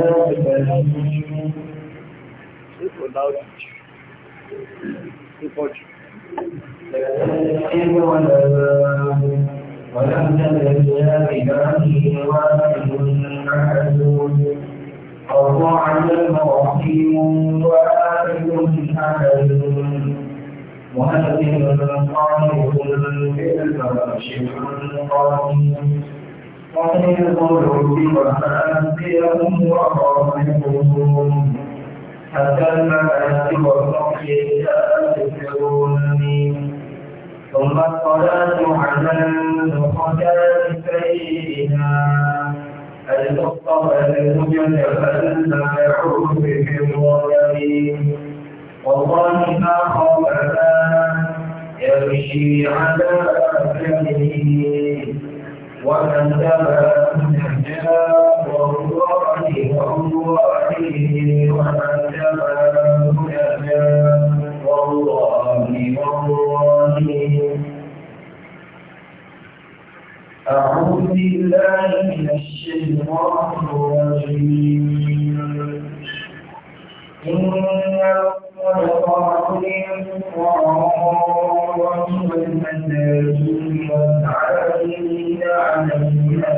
ولم تجد بذاته واحد أحد الرحمن الرحيم واحد أحد مهزم قائد بالفرش القائم وقيل قلوب وأنبيهم وراحمهم حتى المعاد والرحية تذكروني ثم الصلاة على النخاة سيدنا المصطفى المجلف والله ما خافنا يمشي على أكله ونسبا بها والله والله ونسبا بها والله والله أعوذ بالله من الشيطان الرجيم إن صدقات وعوام والمساكين والعاملين عليها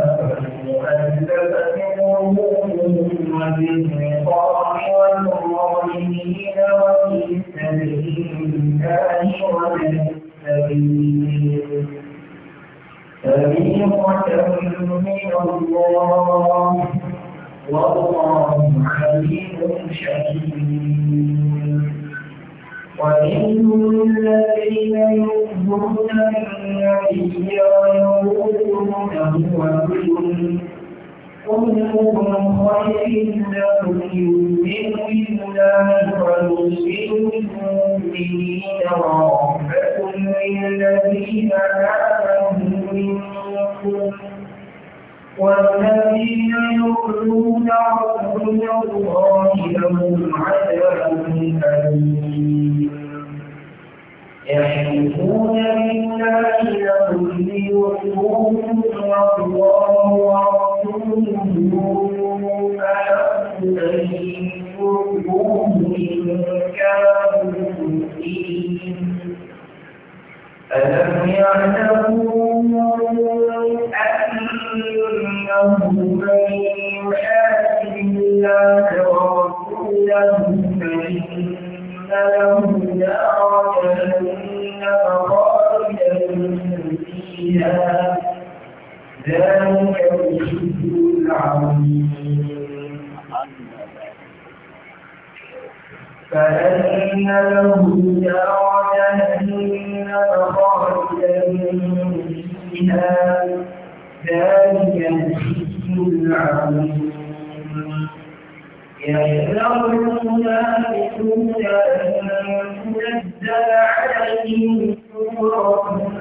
والمؤلفة قلوبهم وبالرقاب والظالمين وفي سبيل الله وابن السبيل فريضة من الله والله عليم شديد ومنهم الذين يؤمنون بالنبي ويقولون هو قل هو خير لهم يؤمن بالله ويؤمن بالمؤمنين ورحمة للذين آمنوا منكم والذين يؤذون رسول الله لهم عذاب أليم يحلفون بالله لهم ليرضوكم والله ورسوله أحق أن يرضوه إن كانوا مؤمنين ألم يعلموا أنه من يحاسب الله ورسوله فإن له نار جهنم خالدا فيها ذلك الخزي العظيم فإن له نار جهنم بها ذلك الخزي العظيم يحذرون المنافقون أن تنزل عليهم سورة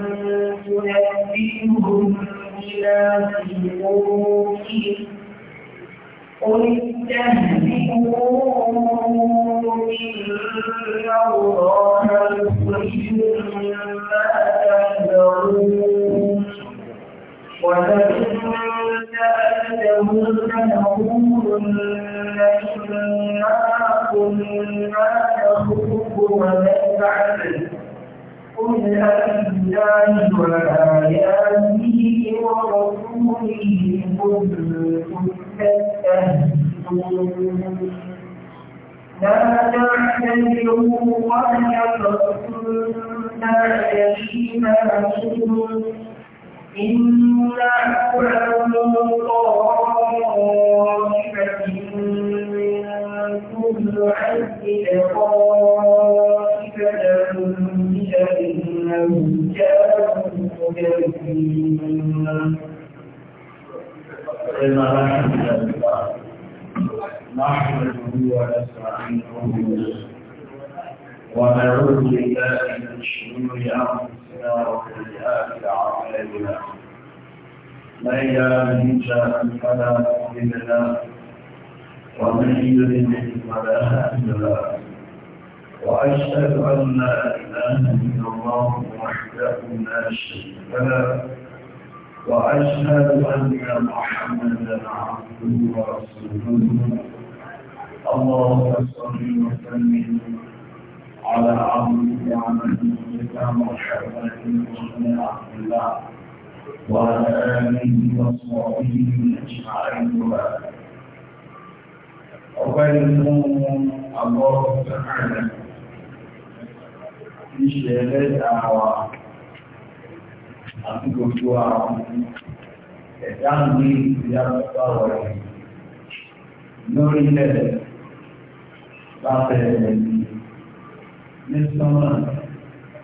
تنبئهم بما في قلوبهم قل استهزئوا إن الله مخرج ما تحذرون ولئن سألتهن لقولن إنا كنا نخوض ونلعب قل أبالله وآياته ورسوله كنتم تستهزئون لا تعتذروا قد كفرتم بعد إيمانكم إنا كل طائفة منكم نعذب طائفة بأنهم كانوا مجرمين نحمده ونستعينه ونعوذ بالله من شرور انفسنا وأشهد أن لا إله إلا الله وحده لا شريك له وأشهد أن محمدا عبده ورسوله اللهم صل وسلم وعلى عبده وعبدك محمد بن عبد الله وعلى آله وصحبه أجمعين وبارك وبينهم الله تعالى في شهادة الأعوام àti gbogbo àwọn ẹ̀dá ní ìyàtọ̀tà ọ̀rẹ́ lórílẹ̀ ẹ̀mí ní sọ́mà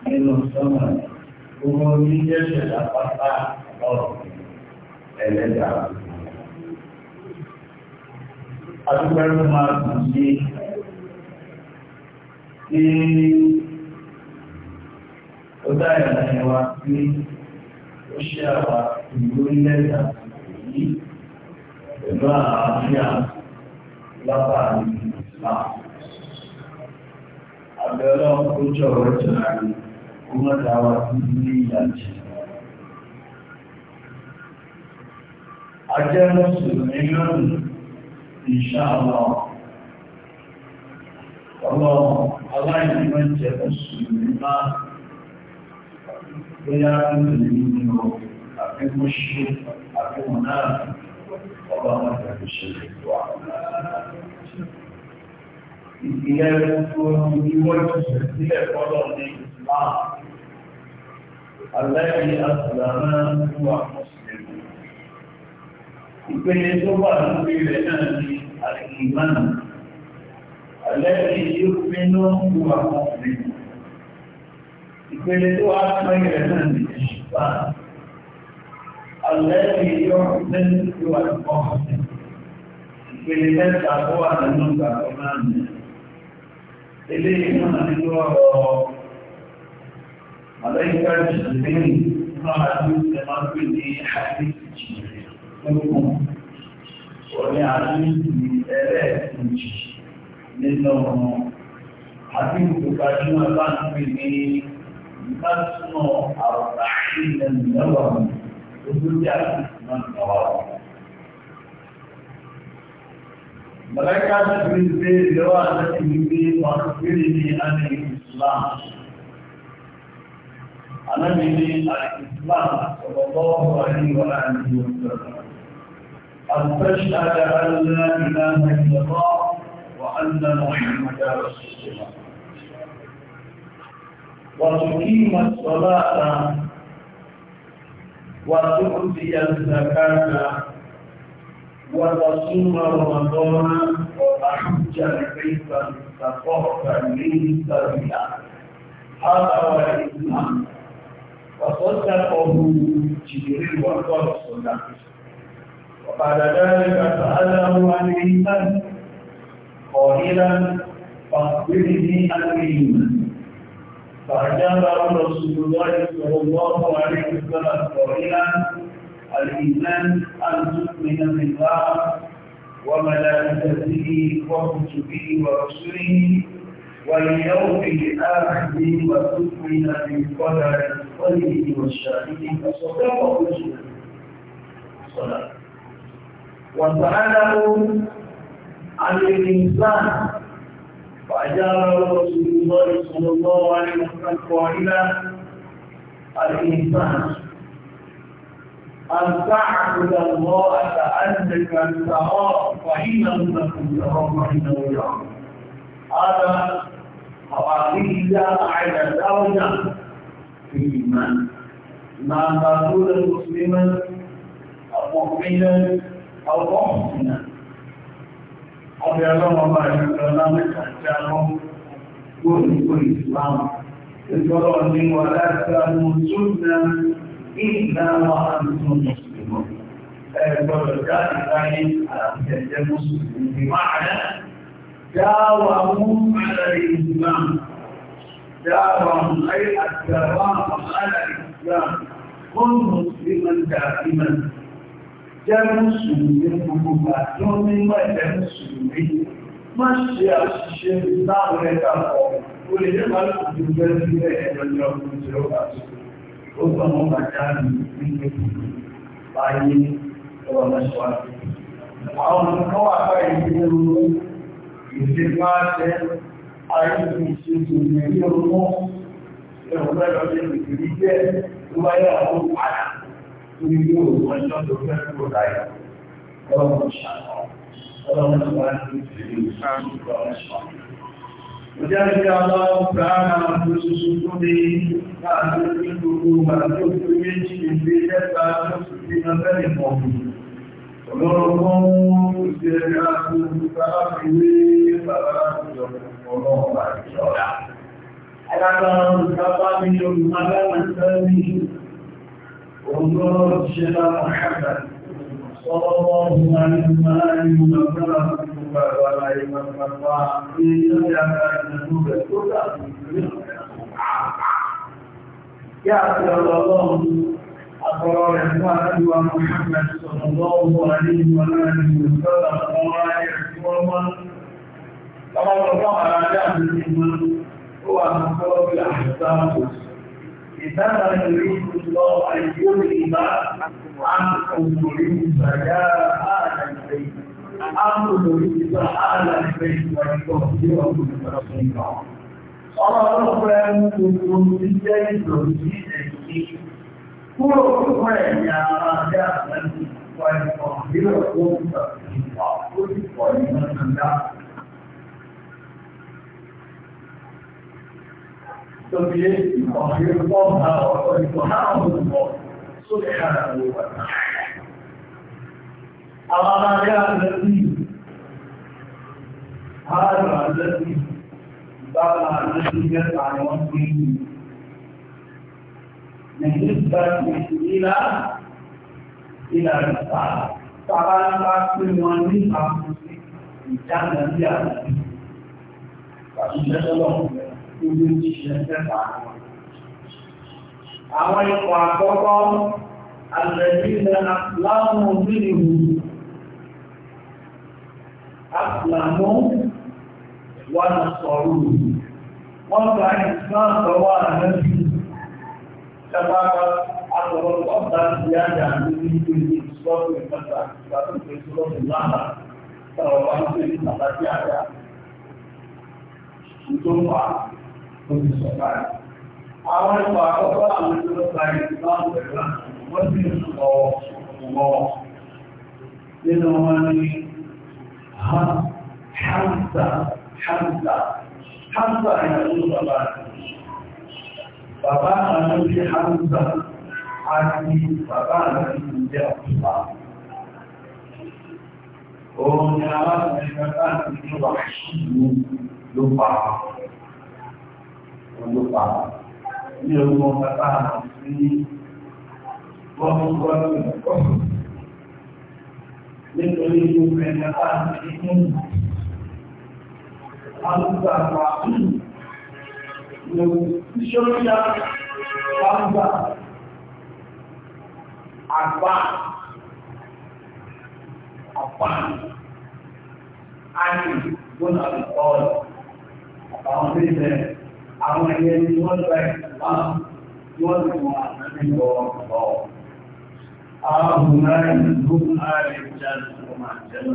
nínú sọ́mà gbogbo ní jẹ́sẹ̀ lápapá ọ̀rọ̀ ẹlẹ́dà. Adúgbẹ́rún máa dùn sí ní ó dáyà lẹ́yìn wa pé ó ṣe àwà ìlú lẹ́dà yìí pẹ̀lú àlàáfíà lápá ìlú ìsìláàmù àbẹ̀ọ́lọ́ ojú ọ̀rọ̀ tó láàrin kó mọ́ dáwà sí ilé ìyàjì ajẹ́ mùsùlùmí lónìí ìṣàlọ́ ọlọ́run aláìní wọ́n jẹ́ mùsùlùmí máa bóyá mùsùlùmí ni ó àfi mú ṣe àfi mú náà il ìpìlẹ̀ tó ìwọ́ ìṣẹ̀ sílẹ̀ fọ́lọ̀ ní islam aláìní asàlámà wà mùsùlùmí ìpele tó wà lórí rẹ̀ náà ní àìmánà aláìní yóò pinnu wà mùsùlùmí ìpele tó wà lórí rẹ̀ náà ní ìṣùpá aláìní yóò pinnu wà mùsùlùmí ìpele mẹ́ta tó wà nínú ìgbàgbọ́ náà nìyẹn. eléyìí náà nínú ọ̀rọ̀ màlẹ́kà jìnnìí náà ní ìtẹ̀mọ́gbé ní àdéhùn jìnnìí lókun òní àdéhùn ẹlẹ́ẹ̀kejì nínú àdéhùn tó gbajúmọ̀ bá ń pè ní ìbátanà àrùn àìlẹ̀ lọ́wọ́ ojú tí a ti máa ń tọ́wọ́. ملائكة تبريد في دواء التي يبي وأخبرني عن الإسلام أنا مني الإسلام صلى الله عليه وآله وسلم أن تشهد أن لا إله إلا الله وأن محمدا رسول الله وتقيم الصلاة وتؤتي الزكاة وتصوم رمضان وحج البيت استطعت من سبيلا هذا هو الاسلام فصدقه جبريل وقال الصدق وبعد ذلك ساله عن الايمان قائلا فاخبرني عن الايمان فاجابه رسول الله صلى الله عليه وسلم قائلا الإيمان أن تؤمن بالله وملائكته وكتبه ورسله واليوم الآخر وتؤمن بالقدر خيره وشره فصدقه الصلاة وسأله عن الإنسان فأجاب رسول الله صلى الله عليه وسلم قائلا الإنسان أن تعبد الله كأنك تراه فإنك تراه فإنه يراك هذا عقيدة على درجة في الإيمان ما تقول مسلما أو مؤمنا أو محسنا أبي الله ما يكلمك أجاهم كل كل إسلام يقولون ولا سنة إلا وأنتم مسلمون فالرجال الثاني على المسلمين بمعنى داوموا على الإسلام داوموا أي الدوام على الإسلام كن مسلما دائما جاء مسلمين مباشرون وجاء مسلمين ما شاء الشيء لا غير قول لمن يجب أن يكون ó gbọ́ wọn bá dáàbì nígbè báyé lọ́wọ́ lọ́ṣọ́ àti. Àwọn olùkọ́ wà bá ìdílé ronú ìdílé máa jẹ́ àìsí ìṣètò ìrírí ọmọ ẹ̀rọ lọ́dọ̀ ṣe ìrírí jẹ́ tó bá yẹ àwọn padà tó fẹ́ kúrò láyé. Ọlọ́run ṣàkọ́, ọlọ́run ṣàkọ́ àti ìṣèlú ìṣàkọ́ ọlọ́run ṣàkọ́. وجعلك الله تعالى في صدورهم فأنزل القلوب أنزلت من بيت فأنزلت مثل المؤمنين Ọlọ́run ṣe àtúntò káàkiri bàbá ọlọ́run àti ọ̀dá. Alága اللهم علمنا علم ربنا ولا علم ربنا يا الله أقرار إخوان محمد صلى الله عليه وآله وسلم قواعد ومن قال الله على جهل هو أقرار الأحزاب إنما يريد الله أن يذهب عنكم الرجس أهل البيت أهل الرجس أهل البيت ويطهركم تطهيرا Ọlọ́run ẹ̀mú gbogbo ti jẹ́ ìròyìn ẹ̀sìn kúrò fún ẹ̀yà àti àtẹ́lẹ́sìn wáyé kan nílò fún ìgbà ìgbà ó sì pọ̀ تبيه ويرضاها ويرضاها الله سبحانه وتعالى أما يا الذي هذا الذي بقى الذي يسعى وفيه بالنسبة إلى إلى الإسلام طبعا تقسم ونصف الجنة يا الذي فإن الله ibi ìṣẹ́ tẹ́ta. Àwọn ikọ̀ àkọ́kọ́ àlẹ́bílẹ̀ láàmù mílìmù àpìlàmú wà ní sọ̀rọ̀. Wọ́n gba ìsìláà tọwọ́ àrẹ́bí ṣẹpàá àtọ̀rọ̀pọ̀ láti yájà ní ìlú ìṣọ́pù ìpẹta ìgbàtúkẹ́ ìṣọ́pù láàmà كنت شفاعي عمل فعرفة عن مثل الإسلام فعلا وزن الله الله لأنه ماني حمزة حمزة حمزة يقول الله بابا أنا حمزة àti bàbá àti ìjẹ́ ọ̀pá. Òun ni aláàrẹ̀ bàbá àti ìjọba ṣìlú ló pa. ló pa ní ọmọ bàbá sí gbọ́ngbọ́n nítorí gbogbo ẹ̀dá bá sí nínú àlùgbà pa ìṣòríyá àlùgbà àgbà àpá àti gbọ́nà àlùkọ́ ọ̀rọ̀ àtàwọn ilé ìbẹ̀rẹ̀ àwọn ẹ̀yẹ ni wọ́n gba ìwà wọ́n ti wọ́n àtàlẹ́ lọ lọ. Àwọn ọmọdé ló ń ààrẹ ìjà lọ́wọ́ máa jẹ́ lọ.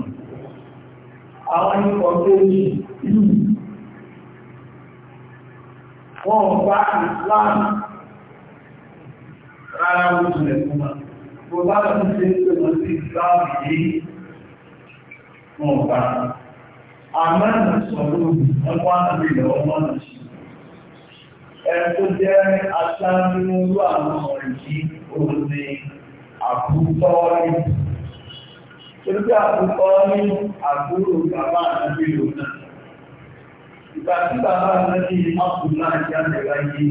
Àwọn ikọ̀ tó ní wọ́n bá ìsìláàmù rárá ó tilẹ̀ fún wa. Bó bá lọ sí ṣe ń wọ́n sí ìsìláàmù yìí, wọ́n bá. Àmọ́ ìsọ̀rọ̀ ọgbọ́n àti ìlẹ̀ ọgbọ́n àti ẹni tó jẹ́ aṣáájú nínú àwọn ọ̀rẹ́ yìí òun ni àbútọ́ ní. Torí àbútọ́ ní àbúrò bàbá àti ìlú náà. Ìgbà tí bàbá àti ọkùn náà jáde láyé,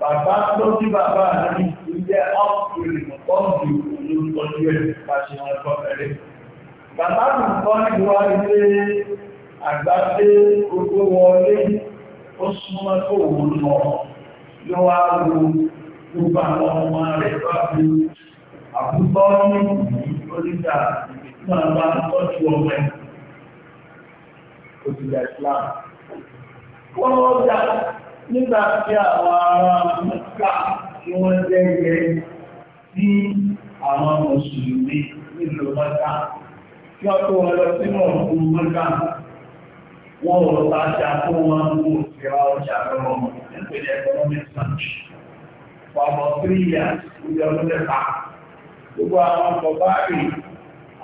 bàbá tó tí bàbá àti ìjẹ́ ọkùn ìmọ̀tọ́jú olóòtọ́jú ẹ̀ pàṣẹ wọn ẹ̀rẹ́. Bàbá àbútọ́ ní wá ilé àgbàdé gbogbo wọlé ó súnmọ́ tó wù lọ ló wá wo gbogbo àwọn ọmọ rẹ̀ bá fi àbúgbọ́ ní oníta máa bá tọ́jú ọmọ ẹ̀ òṣìṣẹ́ Islam. Wọ́n wọ́n dá nígbà tí àwọn ará Mẹ́kà tí wọ́n jẹ́ yẹ sí àwọn Mùsùlùmí nílùú Mẹ́kà kí wọ́n tó wọn sínú ọ̀gbun Mẹ́kà wọ́n ò ta ṣá tó wọ́n ń mú ìra ọjà lọ́wọ́ nípele economic search for about three years ní ọdún mẹ́ta gbogbo àwọn kọ̀bárì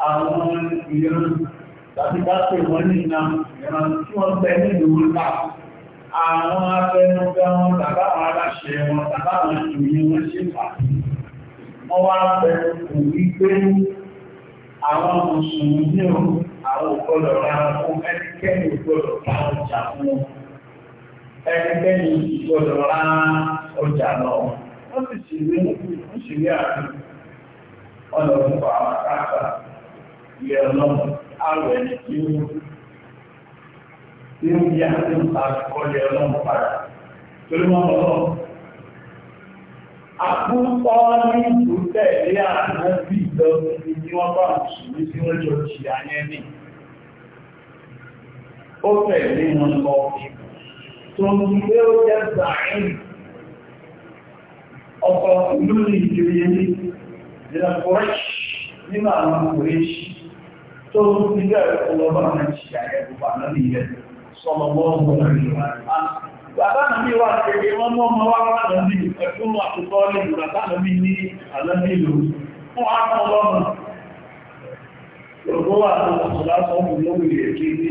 àwọn ìran tàbí bá pè wọ́n ní iná ìran tí wọ́n bẹ nílùú ńlá àwọn abẹnugan wọn bàbá àwọn aláṣẹ wọn bàbá àwọn ìròyìn wọn ṣe fà wọ́n wá bẹ̀rù kò wí àwọn mùsùlùmí ò àwọn ẹnikẹ́ni ìgbọ́dọ̀ ta ọjà fún wọn ẹnikẹ́ni ìgbọ́dọ̀ ra ọjà lọ wọ́n sì sì rí wọ́n sì rí ọ̀nà òkú àwọn akáàkà ilé ọlọ́run àwẹ̀ ní kí ó tí ó yá ní àkọlé ọlọ́run padà torí wọ́n lọ́wọ́ àkúkọ́ ní ìlú tẹ̀lé àná bí ìlọ́run ni wọ́n bá ń sùn ní tí wọ́n jọ jìyà yẹn nìyí ó tẹ̀lé wọn lọ tó ń gbé ó jẹ́ sàárín ọkọ̀ ìlú ní ìjòyè ní ìlàkùrẹ́ṣì nínú àwọn kùrẹ́ṣì tó ń fi bẹ́ẹ̀ ọlọ́bà náà ṣe àyẹ̀kùpà náà nílẹ̀ sọmọ mọ́ọ̀mọ́ ìrìnà Bàbá nàbí wà tẹ̀lé wọn mọ́ ọmọ wá wà nàbí ẹ̀kún àtúkọ́ lè bàbá nàbí ní àlọ́bí lò fún àpọ̀ lọ́nà. Yorùbá wà lọ́nà sọ̀rọ̀ sọ́mù lórí èkéde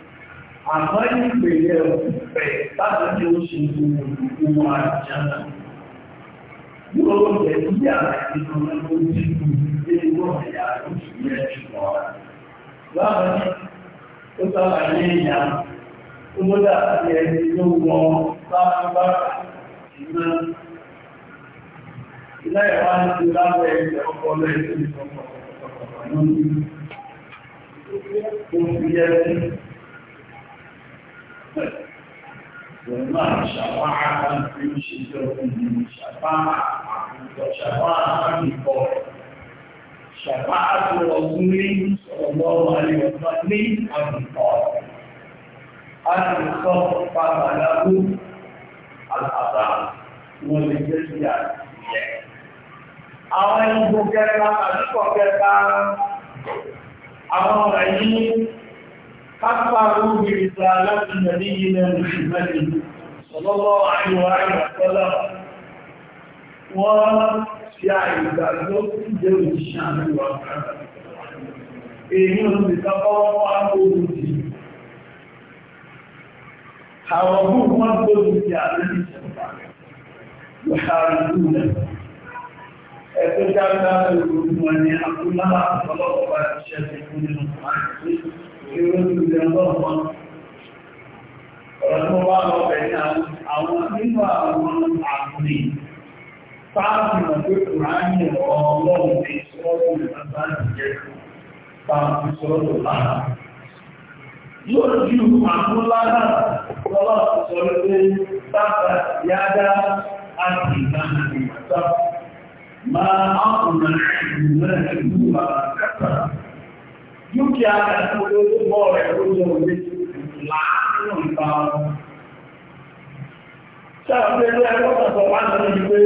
àmọ́ ìpèlè ọ̀fẹ́ láti ní oṣù gbogbo àjánà yóò jẹ́ bí àlàyé ọmọ tó ti kú ní wọ́n ẹ̀yà oṣù yẹn ṣùgbọ́n láwọn ó sábàá ní ìyá ó mọ́dà àti ẹni tó wọ lábúbá iná ilé ìwà Ìgbà ṣàwárá ti ń ṣe jọ ìlú ṣàbára àkùnkọ̀ ṣàbára àkùnkọ̀. Ṣàbára tó ọdún ní ọ̀gbọ́n wà ní ọ̀gbọ́n ní àkùnkọ̀. A ti sọ pàpà lábú àtàbà wọn lè jẹ́ sí àtìyẹ. Àwọn ẹgbẹ́ kẹta àdúgbò kẹta, àwọn ọ̀rẹ́ yìí كفروا برسالة نبينا محمد صلى الله عليه وآله وسلم وشاهد ذلك جو الشام الواقع إنهم بتقوى أبوه حاربوه وأبوه في عالم يحاربونه أتجعل هذا الرجوع أن يقول لها صلى الله عليه وسلم ìròyìn ìrẹ́lọ́wọ́ ọ̀rọ̀ tó wá lọ bẹ̀rẹ̀ àwọn nínú àwọn àmì sáàmù pé kùránì ọlọ́run ti sọ́rọ̀ ìrẹ́lọ́wọ́ jẹ́ sáàmù sọ́rọ̀ lára yóò ju àmúlára lọ́wọ́ sọ́rọ̀ pé sáàmù yádá àti ìgbàmù ìgbàmù máa ápùnà ìrìnlẹ̀ ìlú àkàtà dúkìá àti olóògbọ́ rẹ̀ ló jẹ́ orí láàrín ìpa wọn. Ṣàpẹ́ ilé ẹgbẹ́ ọ̀sọ̀ wá ní ìwé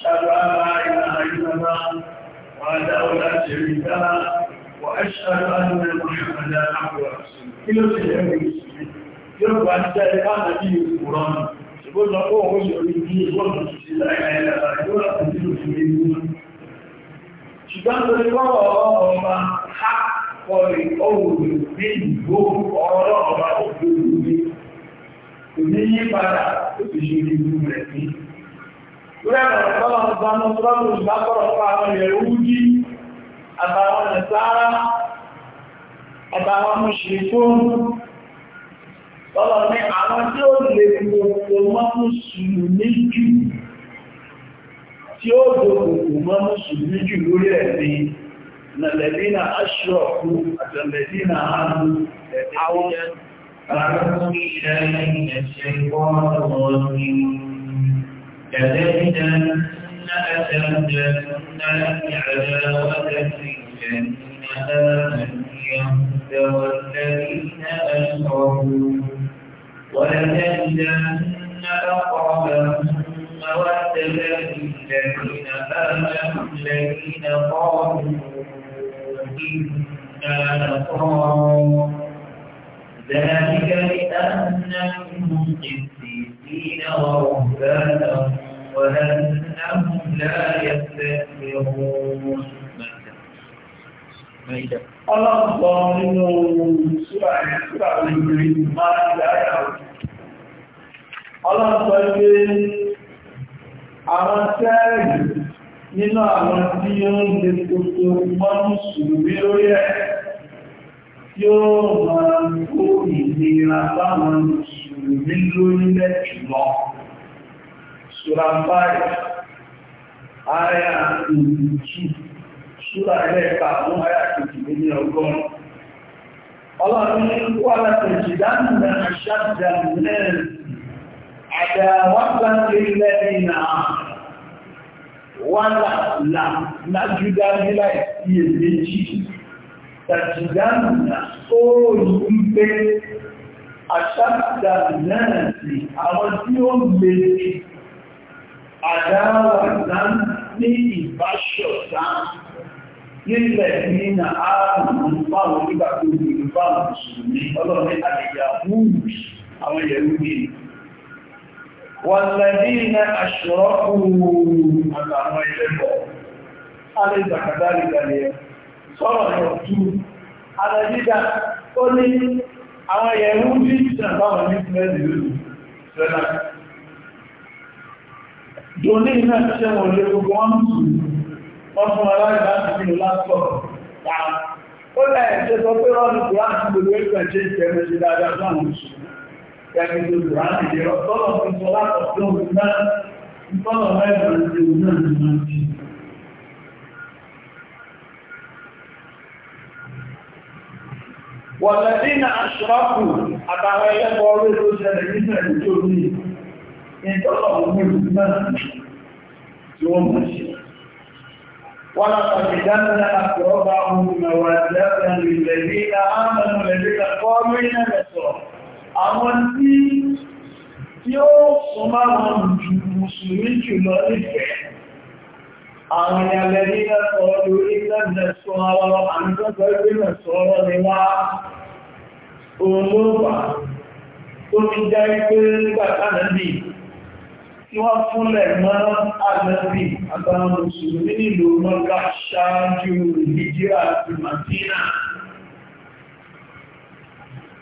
ṣàgbàrá ìlànà ìlànà wàdá ọ̀dá ṣèrí dára wà ẹ́ṣàgbà ní ẹgbẹ̀rẹ̀ àpọ̀ kí ló ṣe fún òun ìṣòrí bí ìgbọ́nà ṣe láìláì lára yóò láti dínú Ṣùgbọ́n tó ní wọ́n ọ̀rọ̀ ọ̀rọ̀ kọrin ọ̀rùn ní ìgbó ọ̀rọ̀ ọ̀rọ̀ òṣèlú ní kò ní yí padà ó ti ṣe ìlú rẹ̀ sí. Rẹ́rọ̀ tọ́lọ̀ ìbánu tọ́lọ̀ ìbákọ̀rọ̀ fún àwọn Yẹ̀húdí àtàwọn Nàìsára àtàwọn Mùsùlùmí tọ́lọ̀ ní àwọn tí ó lè mọ̀kò mọ́ Mùsùlùmí jù tí ó dòkòkò mọ́ Mùsùlùmí jù lórí ẹ̀sìn الذين أشركوا الذين آمنوا أعوذ بالله من الشيطان الرجيم كذلك أشد الناس عداوة للذين آمنوا والذين أشركوا ولتجدن أقربهم مودة للذين آمنوا الذين قالوا إنا لصار ذلك لأنهم قسيسين ورهبانا وأنهم لا يستكبرون Ọlọ́run sọ nínú ṣúra ìṣúra ìgbèrè máa ń dáyà. Ọlọ́run sọ pé àwọn tẹ́ẹ̀rì nínú àwọn tí ó lè gbogbo ẹ̀ tí ó máa ìlera báwọn sùúrí lórí lẹ́ jùlọ. báyìí 5, àti 2, Sura ẹlẹ́ẹ̀ta fún Aya ní ọgọ́rùn. Ọlọ́run ní wà wàhálà là lájúdá nílá ìyè méjì tàjìdánà ó rí pé àṣàkìdà náà sí àwọn tí ó lè àdáwà náà ní ìbáṣọ̀tá nílẹ̀ nínà ààrùn fáwọn nígbàtí òmìnir fáwọn mùsùlùmí ọlọ́rin àdìyà wúùsù àwọn yẹ̀rù nìyí والذين أشركوا أتعمى إليه أليس كذلك اليوم sọ́rọ̀ ìrọ̀tú alẹ́dídá ó ní àwọn ẹ̀rù ní ìṣẹ̀báwọn ní ìpínlẹ̀ ìlú sẹ́nà jòní iná ṣe wọ̀n lè gbogbo wọn tù wọ́n fún aláìlá ti fi Kẹ́mi tó lù á ti yọ tọ́lọ̀ fi sọ látọ̀ tó ń náà, tọ́lọ̀ mẹ́rin ti ń náà ní máa jì. Wọ̀lẹ̀dínà aṣọ́kù àtàwọn ẹlẹ́gbọ́ orí tó ṣẹlẹ̀ nígbà ìjọ ní ìtọ́lọ̀ mẹ́rin náà tí wọ́n máa ṣe. ولقد جعلنا أقربهم مودة للذين آمنوا الذين قالوا إنا نصارى àwọn tí tí ó sọ máa wọn jù mùsùlùmí jù lọ nífẹ̀ẹ́ àwọn ìyàlẹ̀ ní ẹ̀sọ́ lórí lẹ́gbẹ̀ẹ́sọ́ àwọn àmìjọ́gbẹ̀ ìgbẹ̀ẹ́sọ́ ni wá olóòwà tó ti jẹ́ pé nígbàtánàbì tí wọ́n fúnlẹ̀ mọ́ àgbẹ̀bì àgbà mùsùlùmí nílò mọ́ká ṣáájú àti màtínà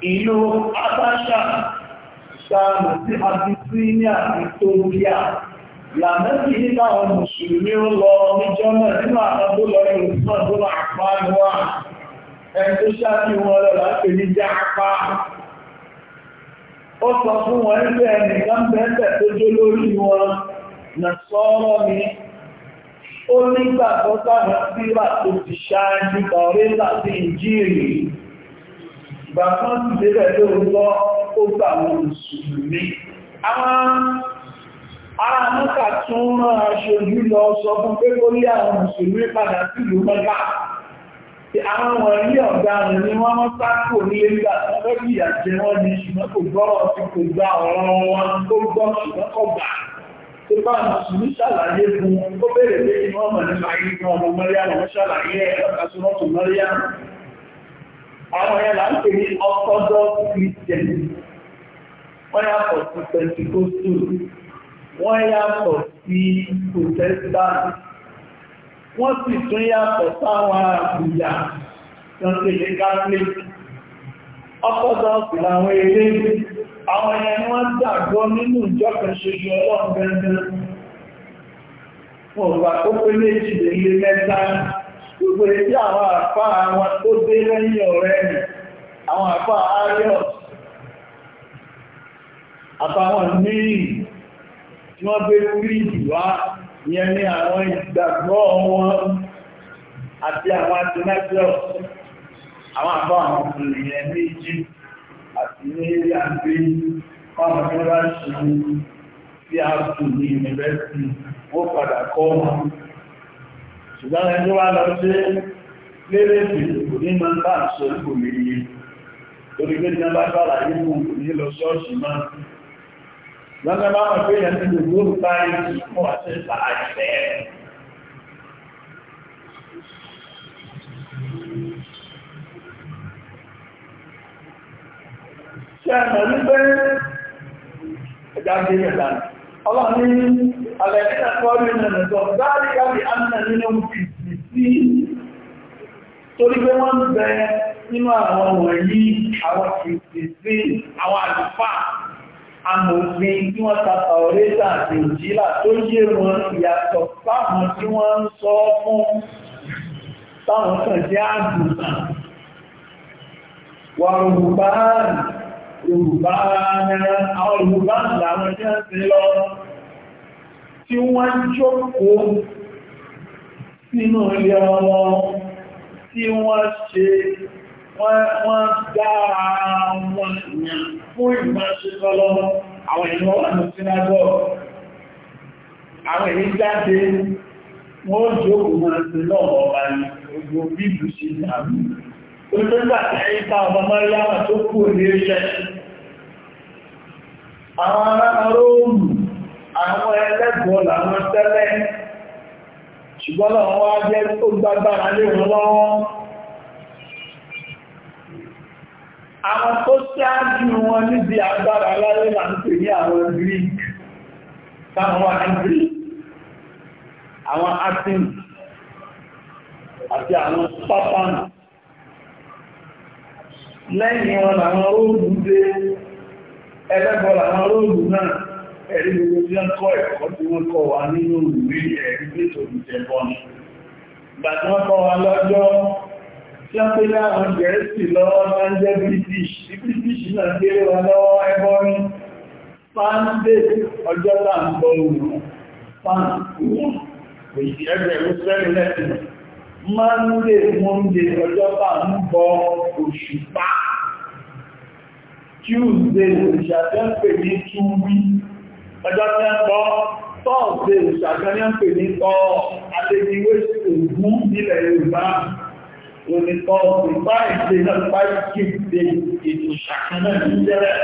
ìlú Abáṣà ṣàrùn sí Abisinia Ethiopia làmẹ́sì nígbà àwọn mùsùlùmí ó lọ níjọ́ náà nínú àwọn tó lọ ní òṣìṣàn tó máa pa ní wà ẹni tó ṣáàkì wọn lọ láti ní jápa ó sọ fún wọn nígbà ẹnìkan bẹ́ẹ̀ tó jó lórí wọn ti ṣáájú kọ̀ọ̀rẹ́lá sí ìjírí ìgbà kan sì débẹ̀ tó ń gbọ́ ó gbà wọn mùsùlùmí àwọn ará mọ́ta tún rán aṣojú lọ sọ fún pé kó lé àwọn mùsùlùmí padà sílùú mọ́ta àwọn wọ̀nyí ọ̀daràn ni wọ́n mọ́ sáàkò ní ẹgbà lọ́bí ìyàjẹ́ wọn ni ṣùgbọ́n kò gbọ́rọ̀ tí kò gba ọ̀rọ̀ wọn tó gbọ́ ṣùgbọ́n kò gbà tó bá mùsùlùmí ṣàlàyé fún ó bẹ̀rẹ̀ pé kí wọ́n mọ̀ nípa ìgbọ́n ọmọ mọ́ríà lọ́wọ́ ṣàlàyé ẹ̀ẹ́dọ́kasọ́rọ́tò mọ́ríà àwọn ẹ̀yà là ń pè ní Orthodox Christian wọ́n yàtọ̀ sí Pentecostal wọ́n yàtọ̀ sí Protestant wọ́n sì tún yàtọ̀ sáwọn àbúyà tó ń pè ní Catholic Orthodox làwọn eré àwọn ẹ̀yà ni wọ́n gbàgbọ́ nínú ìjọ kan ṣoṣo ọlọ́run gẹ́gẹ́ fún ọgbà tó pé méjì lè lé mẹ́ta gbogbo etí àwọn àfá àwọn tó dé lẹ́yìn ọ̀rẹ́ nì àwọn àfá arios àtàwọn míì tí wọ́n gbé kírìdì wá yẹn ní àwọn ìgbàgbọ́ wọn àti àwọn atinatios àwọn àfá àwọn ènìyàn méjì àti ní eré àgbé bá ṣe ní sí padà kọ́ wọn ṣùgbọ́n ẹjọ́ wá lọ sí lérèdì kò ní máa ń ìpò lèyẹ torí pé ní ọba bá láyé ní lọ ṣọ́ọ̀ṣì máa lọ́nà bá wọn pé yẹn ti ọlọ́run ní àlẹ́dínà sọ́rí ìrìnà tó dárí káàkiri àmìnà nínú ìsì sí torí pé wọ́n ń bẹ nínú àwọn wọ̀nyí àwọn ìsì sí àwọn àlùfà amòfin tí wọ́n tàbà orétà àti ìjìlá tó yé wọn ìyàtọ̀ sáwọn tí wọ́n ń sọ fún táwọn kan jẹ́ àgùntàn wàrùn báàrùn Yorùbá àwọn Yorùbá làwọn jẹ́ ń ṣe lọ tí wọ́n jókòó sínú ilé ọmọ tí wọ́n ṣe wọ́n dára wọn yàn fún ìmáṣe lọ́lọ́ àwọn ìlú ọ̀nà sínágọ́ àwọn èyí jáde wọ́n jókòó máa ṣe lọ́wọ́ ọba ní ojú bíbù sí ìdàmú. Olùgbẹ́gbà tẹ́yí ta ọba Mọ́ríyáwà tó kú ní ilẹ̀ àwọn ará róòmù àwọn ẹlẹ́gbọ́n làwọn tẹ́lẹ̀ ṣùgbọ́n náà wọ́n á jẹ́ tó gbágbára lé wọn lọ́wọ́ àwọn tó ṣáájú wọn níbi agbára láyé là ń pè ní àwọn Greek táwọn wà ní Greek àwọn Athens àti àwọn Spartans lẹ́yìn wọn làwọn róòmù ẹlẹ́bọ̀ làwọn róòlù náà ẹ̀rí gbogbo tí wọ́n kọ́ ẹ̀kọ́ tí wọ́n kọ́ wa nínú ìwé ẹ̀rí pẹ̀tò ìjẹ̀bọ ni ìgbà tí wọ́n kọ́ wa lọ́jọ́ tí wọ́n pé láwọn gẹ̀ẹ́sì lọ́wọ́ british tí british náà gbére wa lọ́wọ́ ẹbọ ní sunday ọjọ́ là ń bọ òun fan òun kò sí monday monday ọjọ́ là ń bọ òṣùpá Tuesday òṣàjẹ́ ń pè ní Tuwi, ọjọ́ tí ń pọ́, Thursday òṣàjẹ́ ń pè ní Tọ́, Adédiwé Ògún nílẹ̀ Yorùbá, òní Thursday, Friday náà Friday ètò òṣàjẹ́ náà ní jẹ́rẹ̀.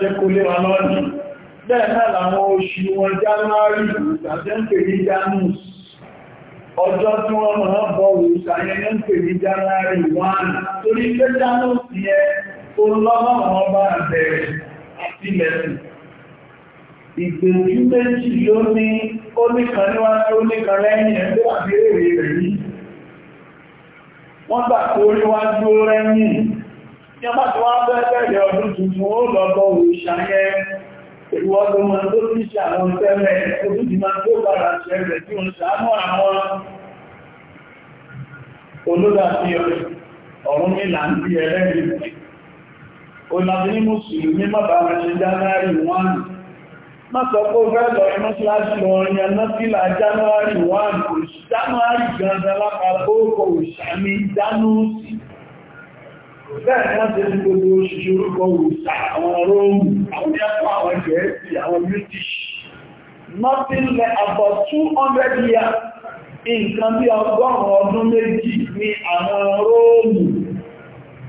Jẹ́ kó lé wa lọ́nà. Bẹ́ẹ̀ náà làwọn oṣù wọn January òṣàjẹ́ ń Janus. Ọjọ́ tí wọ́n mọ̀ bọ̀ òṣàyẹ́ ń pè ní January 1 torí pé Janus yẹn olọ́mọ̀ ọba àbẹ̀rẹ̀ àti ilẹ̀kùn ìgbèjú méjì ló ní ó nìkan níwájú ó nìkan lẹ́yìn ẹgbẹ́ àbẹ́rẹ̀ rẹ̀ rí wọ́n gbà kó níwájú rẹ́yìn ní ọba tí wọ́n bẹ́ bẹ̀rẹ̀ ọdún tuntun ó lọ́gbọ́ òṣàyẹ pẹ̀lú ọdún wọn tó ti ṣe àwọn tẹ́lẹ̀ ojúdì máa tó bára ṣẹlẹ̀ tí wọ́n ṣàánú àwọn olódàfihàn ọ̀rún nílà ń bí ẹlẹ́rìí olàbíní mùsùlùmí mọ́bà rẹ̀ jánúárì 1 má sọ pé ó fẹ́ lọ inú síláṣì lọ ọ̀rìyàn náà sílá jánúárì 1 kò sí jánúárì gangan lápá ókò òṣàmì jánúùsì bẹ́ẹ̀ ni wọ́n ti nothing less about 200 years nǹkan bí ọgọ́rùn-ún ọdún méjì ní àwọn róòmù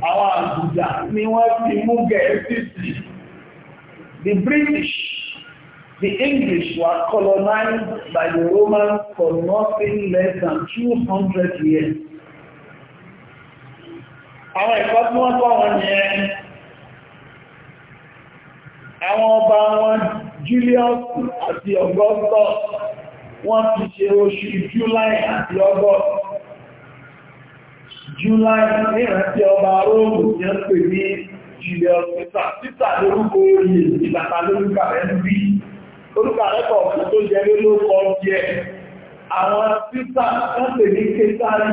àwọn àgùdà ni wọ́n ti mú gẹ̀ẹ́sì the British the English were colonized by the Romans for nothing less than 200 years àwọn ẹ̀kọ́ tí wọ́n kọ́ wọn yẹn àwọn ọba wọn Julius àti Augustus wọ́n ti ṣe oṣù July àti August July ní ìrántí ọba Róòmù ní ń pè ní Julius Caesar. Caesar lórúkọ oyè ìbàtà lórúkọ rẹ̀ ń bí. Orúkọ àrẹ́kọ̀ ọ̀fún tó jẹ́ jẹ́. Àwọn wọ́n pè ní Kesari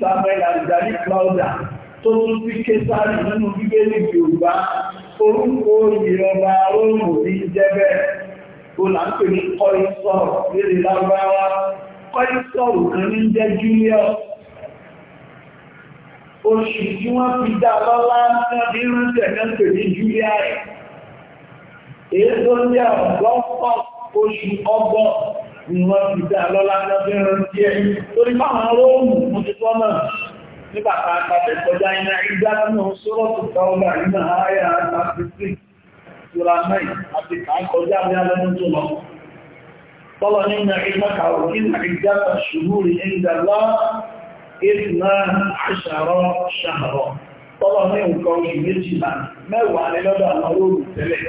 Samuel Alexander Claudia tó tún Kesari nínú Bíbélì Yorùbá. Orúkọ oyè ọba ní jẹ́bẹ̀. ní kan ní jẹ́ oṣù tí wọ́n fi dá lọ́lá ní ránṣẹ́ kan pè ní July èyí tó ní àgọ́pọ̀ oṣù ọgbọ̀n ni wọ́n fi dá lọ́lá ní ránṣẹ́ torí máa róòmù mú ti tọ́ náà nígbà tá a pàtẹ kọjá iná ìgbà náà sọ́rọ̀ tó ta ọgbà nínú ààyà àtàkùsí ìṣura náà àti kà kọjá ìrìnà àṣàrọ̀ ṣàrọ̀ tọ́lọ̀ ní nǹkan oṣù méjìlá mẹ́wàá ní lọ́dọ̀ àwọn olóòrùtẹ́lẹ̀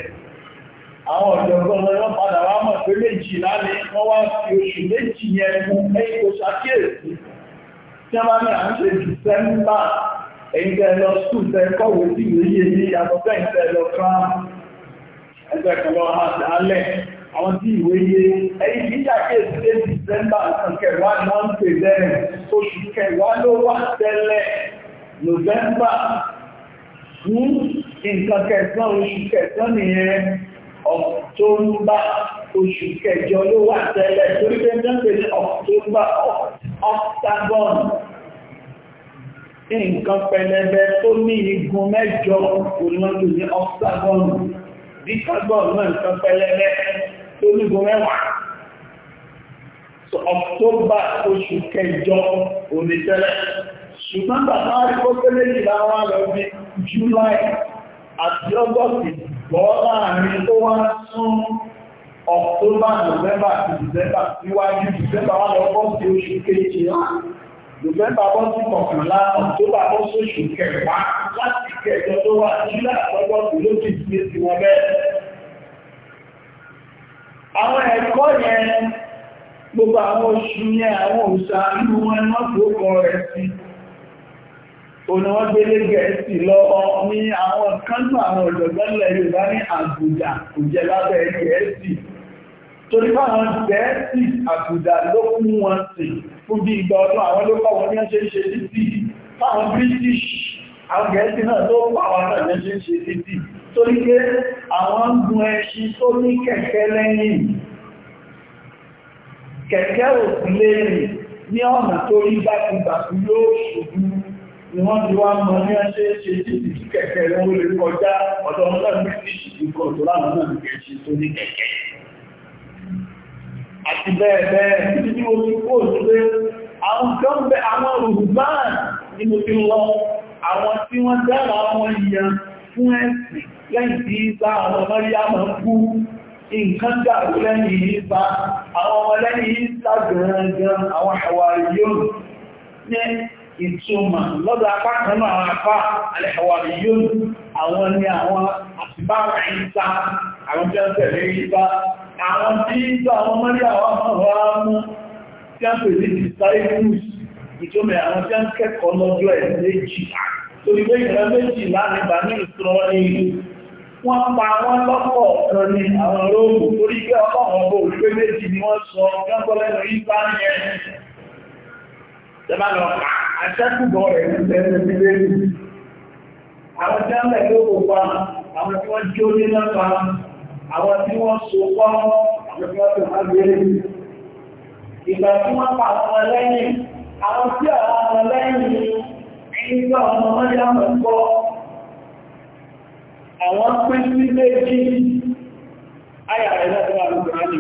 àwọn ọ̀jọ̀gbọ́n lọ́wọ́ padà wá mọ̀ pé méjìlá ni wọ́n wá fi oṣù méjì yẹn fún ẹ̀yìn kò ṣàkíyèsí tí wọ́n bá ní à ń ṣe dìsẹ́mbà ẹ̀yìn lọ skul tẹ́ sí ìwé yìí yàtọ̀ tẹ́ ìtẹ́ lọ fún ẹgbẹ́ kan lọ́wọ́ àwọn tí ìwé yé ẹni tí ìjàkè sí dìsẹ́mbà nǹkan kẹwàá ni wọ́n ń pè lẹ́rìn oṣù kẹwàá ló wà tẹ́lẹ̀ nọ́vẹ́mbà ní nǹkan kẹsàn oṣù kẹsàn nìyẹn ọ̀tọ́mbà oṣù kẹjọ ló wà tẹ́lẹ̀ torí pé ní pè ní ọ̀tọ́mbà octagon nǹkan pẹlẹbẹ tó ní igun mẹ́jọ òun lọ́dún ní octagon bí kágbọ́n náà nǹkan pẹlẹbẹ tó nígun mẹ́wàá so October oṣù kẹjọ onítẹ́lẹ̀ ṣùgbọ́n bàbá rí kó pélé jìlá wà lọ bí July àti August bọ́ láàrin tó wá sún October November àti December síwájú December wà lọ bọ́ sí oṣù kejìlá November bọ́ sí kọkànlá October bọ́ sí oṣù kẹwàá láti kẹjọ tó wà July àti August ló ti gbé sí wọn bẹ́ẹ̀. àwọn ẹ̀kọ́ yẹn gbogbo àwọn oṣù yẹn àwọn òṣà inú wọn wọ́n tó kọ rẹ̀ sí òní wọ́n gbélé gẹ̀ẹ́sì lọ ní àwọn kánú àwọn ọ̀dọ̀gbọ́n ilẹ̀ ní àbùdá kò jẹ lábẹ́ gẹ̀ẹ́sì torí báwọn gẹ̀ẹ́sì ló wọn àwọn ló ní British àwọn gẹ̀ẹ́sì náà tó ṣe torí pé àwọn ń gun ẹṣin tó ní kẹ̀kẹ́ lẹ́yìn kẹ̀kẹ́ òkú lẹ́yìn ní ọ̀nà tó rí gbákùgbàkù yóò ṣubú ni wọ́n ti wá mọ ní ẹṣẹ́ ṣe tí ìdí kẹ̀kẹ́ lọ́wọ́ lè kọjá ọ̀dọ̀ ọlọ́run ní ìṣìkọ̀ tó láwọn náà ní kẹ̀ṣin tó ní kẹ̀kẹ́ àti bẹ́ẹ̀ bẹ́ẹ̀ títí ní omi kó sílé àwọn kan bẹ àwọn rùgbáà ni mo ti lọ àwọn tí wọ́n dára wọn yàn lẹ́yìn tí ìsá àwọn ọmọ rí àmà ń kú nǹkan dàrú lẹ́yìn ìsá àwọn ọmọ lẹ́yìn ìsá gẹ̀rẹ̀gẹ̀rẹ̀ àwọn àwárí yóò ní ìtumà lọ́dọ̀ apá kan náà àwọn apá àlẹ́hàwárí yóò àwọn ni àwọn àtìbá ìsá àwọn tí wọ́n tẹ̀lé ìsá àwọn tí ìsá àwọn ọmọ rí wọ́n pèsè wọ́n pa wọ́n lọ́pọ̀ kan ní àwọn róòmù torí pé ọlọ́run ọgbọ̀ àwọn tí wọ́n so pọ́ àwọn tó má gbére ìgbà tí wọ́n pa àwọn lẹ́yìn àwọn tí àwọn lẹ́yìn nígbà ọmọ mọ́jà mọ́ àwọn pín sí méjì ayà rẹ̀ lọ́dọ́ alùgbòránì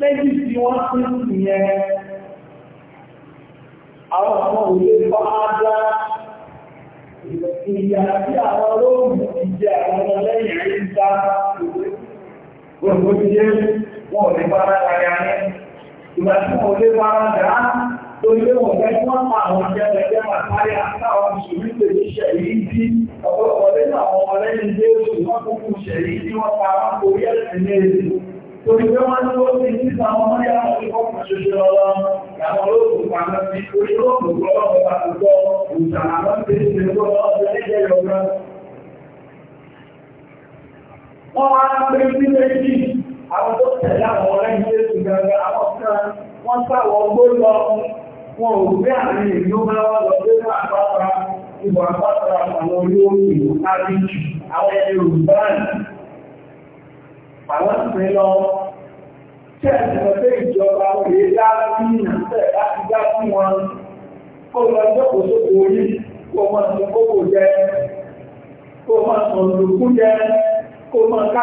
méjì tí wọ́n pín sí yẹn àwọn ọmọ òye fọ́nádá ìyà tí àwọn olóòmù ti jẹ àwọn ọlẹ́yìn rí dá gbogbo ti yé wọn ò lè fara kàrí ayé ìgbà tí wọn ò lè fara dáa torí pé wọ́n fẹ́ kí wọ́n pa àwọn akẹ́kẹ̀ẹ́ àtàrí àtàwọn mùsùlùmí pè ní ṣẹ̀rí tí ọ̀pọ̀lọpọ̀ lẹ́nu àwọn ọmọ lẹ́yìn jésù wọ́n kúkú ṣẹ̀rí tí wọ́n pa wọn kò rí ẹ̀sìn ní èdè torí pé wọ́n ní ó ti ní àwọn ọmọ yà wọ́n ti kọ́kùn ṣoṣo lọ́wọ́ làwọn olóògùn pàmò sí orí olóògùn gbọ́dọ̀ pàtàkùkọ òṣàlà lọ́sẹ̀ ìṣẹ́ gbọ́dọ̀ Wọ́n wá ń pè sí méjì, àwọn tó tẹ̀lé àwọn ọ̀rẹ́ ìṣẹ́ ìgbàgbà àwọn kan, wọ́n sáwọ̀ gbó lọ wọn ò gbé àárín ìlú bá wá lọ sí àpáta ìwà àpáta àwọn olóòrùn ìlú àwọn ẹni rùbáì àwọn ìpín lọ tí ìjọba òye dá sí ìyànfẹ́ fún wọn kó lọ jókòó sókò orí kó máa sọ kókò jẹ kó máa sọ lùkú jẹ kó ká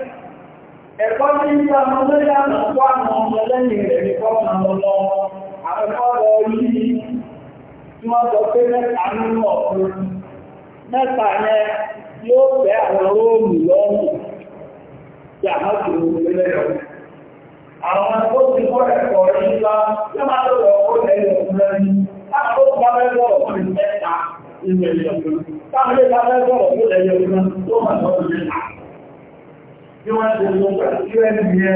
ẹ̀kọ́ tí ń ta ọmọ lórí àmà kó lẹ́yìn rẹ̀ àwọn lọ ti kọ́ ẹ̀kọ́ yìí tí máa lọ́wọ́ ó lẹ́yìn ọ̀pọ̀lẹ́ni láwọn tó bá fẹ́ bọ̀ ọ̀pọ̀lẹ́ mẹ́ta ìrẹ̀lẹ̀ ọ̀pọ̀lẹ́ táwọn lè bá fẹ́ bọ̀ ọ̀pọ̀lẹ́ yọ̀ bí wọ́n ṣe lọ pẹ̀lú tí wọ́n yẹ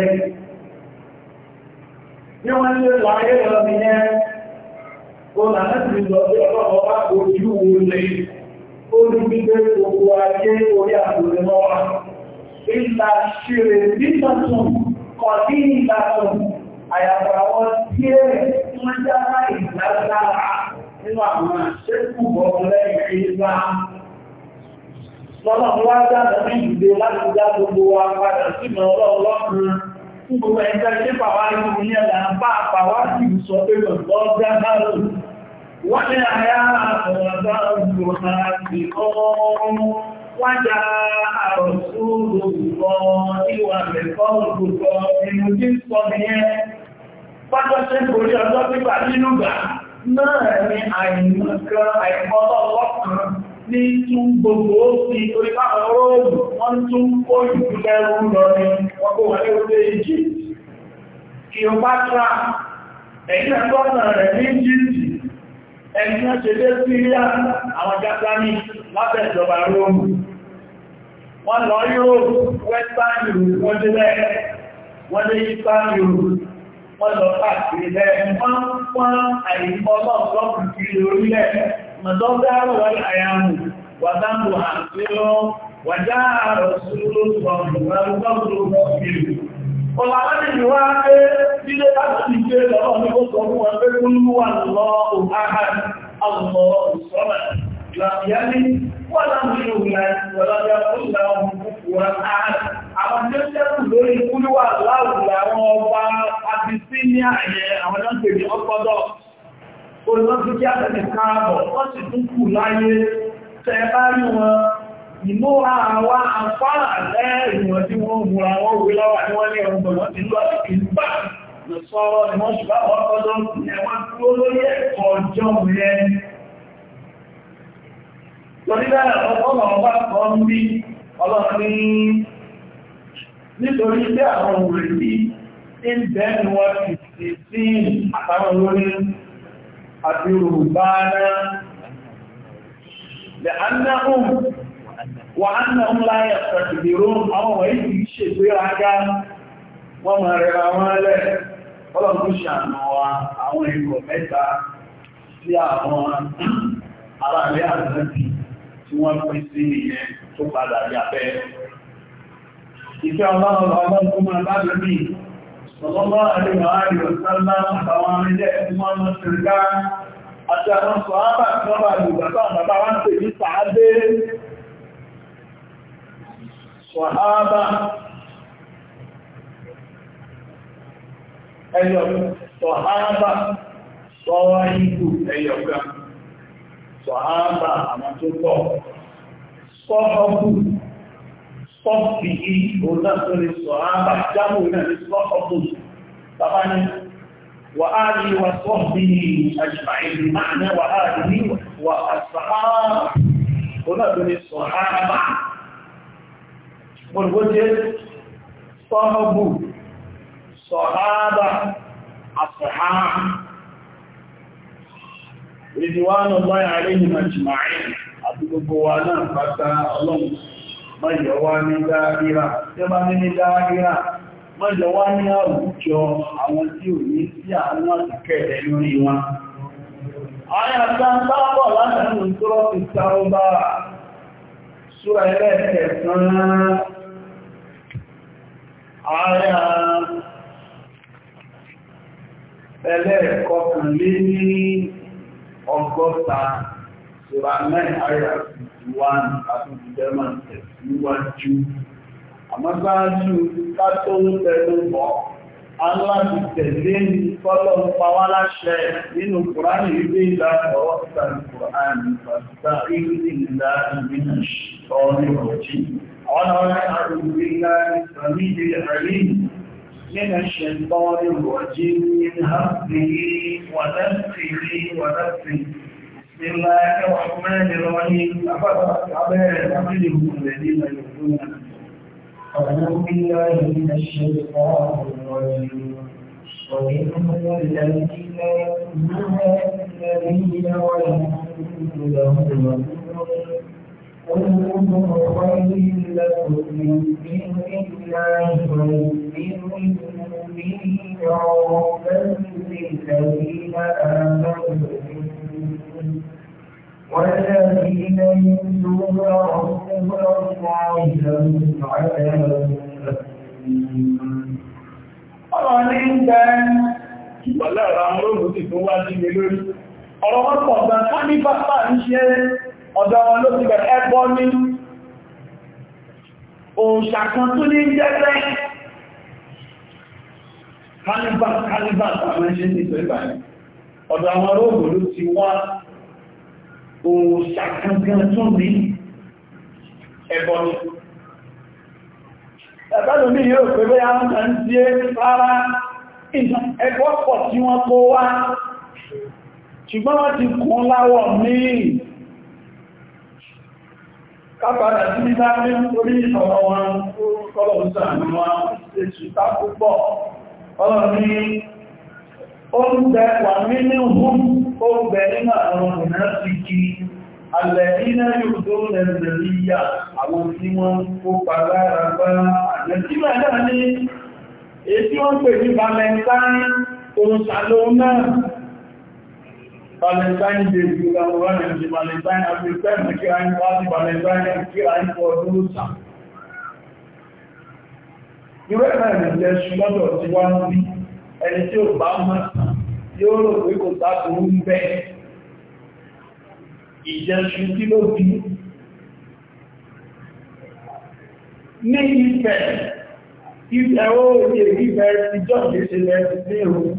bí wọ́n ṣe lọ ayé lọ ní yẹ ó láti lọ sí ọlọ́pàá bá ojú olè ó ní gbígbé gbogbo ayé orí àtòlè lọ́wọ́ ìlà ṣeré nítọ̀tún kọ̀ ní ìlàtún àyàfà wọn díẹ̀ tí wọ́n jára ìlàlára nínú àwọn àṣẹ́kù bọ̀ lẹ́yìn ìlànà lọ́nà wá dáadáa ní ìdè láti dá gbogbo wa padà sí mọ̀ ọlọ́ọ̀lọ́run fún gbogbo ẹgbẹ́ ṣe pàwárí ní ẹ̀là ń bá pàwárí sọ pé lọ́gbọ́gbọ́gbọ́rún wọ́n ni àyá àtọ̀rọ̀gbọ́rún Náà ni àìmọ̀kan àìmọ́lọ́lọ́kùnrin ní tún gbogbo sí orí láwọn róòlù wọ́n tún kó ìpínlẹ̀ ẹrù lọ ní wọ́n wọlé orílẹ̀ Egypt Cleopatra ẹ̀yìn ẹ̀kọ́nà rẹ̀ ní Egypt ẹ̀yìn ṣẹlẹ̀ Syria àwọn Játani lábẹ́ ìjọba Rome wọ́n lọ Europe Western Europe wọ́n délẹ̀ wọ́n dé Eastern Europe wọ́n lọ pàtàkì ilẹ̀ wọ́n pọ́n مدوغار والأيام وذنبها سر وجاء رسول الله والفضل مغفر Ọlàwọ́dì ni wá pé nílé láti ṣe lọ́wọ́ ní ó sọ fún wọn pé kún wà lọ òháhà àwọ̀ ìṣọ́nà ìlàmìyàní wọ́n láti ṣùgbà ìwọ̀lábíà fún ìlàwọ̀ òkúwà ààrẹ. Àwọn tí ó tẹ́kù lórí kúrúwà láwùlà àwọn ọba olóògbé àtẹ́lẹ̀ káàbọ̀ wọ́n sì tún kù láyé tẹ wọn ìmúra àwọn afárà lẹ́ẹ̀rùn wọn tí wọ́n múra wọ́n wé lọ́wà ní wọ́n ní ẹ̀rùn bọ̀ ìgbà lọ́sọ́rọ̀ ni wọ́n ṣùgbọ́n wọ́n tọ́jọ́ tí ó lórí ẹ̀kọ́ ọjọ́ àti Le lè Wa wà annahum láyẹ̀ pẹ̀lú àwọn wọ̀nyí ti ṣe pé aga wọ́n ma rẹ̀ àwọn ẹlẹ́ ọlọ́run ṣàmà wa àwọn ìwọ̀ mẹ́ta sí àwọn aráàlẹ́ àtúntì tí wọ́n pín sí ìyẹn tó padà yàbẹ́ ìfẹ́ sọlọ́lá àríwáàrí ọ̀sánlá àwọn amílẹ̀ ẹ̀kùnmọ́ ọmọ ṣìrìká àti àwọn sọ̀hábà tí wọ́n bá lùgbàtà bàbá wá ń pè ní sàádé sọ̀hábà ẹyọ sọ̀hábà sọ́wọ́ ìgbò ẹyọ̀gá sọ̀hábà àwọn sọ́ọ̀kù sọ́ọ̀bì yìí òun náà tó lè sọ àbá jámù náà lè sọ ọ̀bùn bàbá ní wà á ní wà sọ́ọ̀bì àjùmáìlì máa ní wà á ní wà àṣàhárà òun náà tó lè sọ àbá olùgbò jẹ́ sọ́ọ̀bù sọ̀hábà àṣàhárà rìdíwánà lọ́yà àríyìn àjùmáìlì àti gbogbo wa náà pátá ọlọ́run mọ́jẹ̀ wá ní dáríra tí ó bá ní ní ní àwùjọ àwọn tí ò ní sí àwọn àtìkẹ́ẹ̀ẹ́ lórí wọn àyà sáńtàpọ̀ látàrí ìtọ́rọ̀ ti ṣúra ní ọgọ́ta mẹ́ tẹ̀síwájú àtúntì german tẹ̀síwájú àmọ́sáájú ká tó ń tẹnu bọ̀ aláti tẹ̀lé ní fọ́lọ́ pàwá láṣẹ nínú kùránì ilé ìlà ọwọ́ ìtàrí kùránì pàtàkà ilé ìlà ìrìnà ọ̀rìn ọ̀jí àwọn ọ̀rẹ́ àrùn ìlà ìsàmì ilẹ̀ àríyìn من الشيطان بسم الله الرحمن الرحيم أفضل عباد أمرهم الذين يؤمنون أعوذ بالله من الشيطان الرجيم ومنهم الذين يؤمنون الذين ويؤمنون لهم قل هم خير لكم يؤمن بالله ويؤمن فيه رغبا للذين آمنوا والذين يؤذون رسول الله لهم عذاب Ọ̀rọ̀ ní ń àwọn olóòrùn ti wá sí mi lórí. Ọ̀rọ̀ wọ́n pọ̀ gbà ká ní ń ṣe ọ̀dọ̀ wọn ló bẹ̀rẹ̀ ẹgbọ́ ní òṣàkan tó ní jẹ́ bẹ́ẹ̀ kálíbà kálíbà tàbí ṣe ní ìtọ́ ìbàní ọ̀dọ̀ àwọn aróògbò ló ti wá òòṣà kankan tó ní ẹ̀bọ̀ ni ẹ̀bọ̀lù ní yóò pé bẹ́ àwọn kan tí é rárá ẹ̀bọ̀ pọ̀ tí wọ́n kó wá ṣùgbọ́n wọ́n ti kún láwọ̀ míì kápàdà sí ní sáré nítorí ọ̀rọ̀ wọn kọ́lọ̀ ọlọ́run ní oúnjẹ wà nínú hùn oúnjẹ nínú àwọn ìrìnà ti kí alẹ̀ iná yóò tó lẹ́rẹ̀ yíyà àwọn tí wọ́n kó pàdára bá àjẹ́sílẹ̀ náà ní èyí wọ́n pè ní valentine oúnṣàlọ́ náà valentine day ìgbàmọ̀wọ́n ní valentine african kí a ń wá sí valentine kí a ń pọ̀ lóòsàn ìwé mẹ́rin ilẹ̀ ṣùgbọ́dọ̀ ti wá ń bí ẹni tí ó bá mọ́ yóò rò pé kò sáàbùrú ń bẹ́ ìjẹṣu tí ló bí ní ìfẹ́ ìfẹ́ ó yẹ ìfẹ́ ti jọ́ ìṣẹ̀lẹ̀ ìfẹ́ òun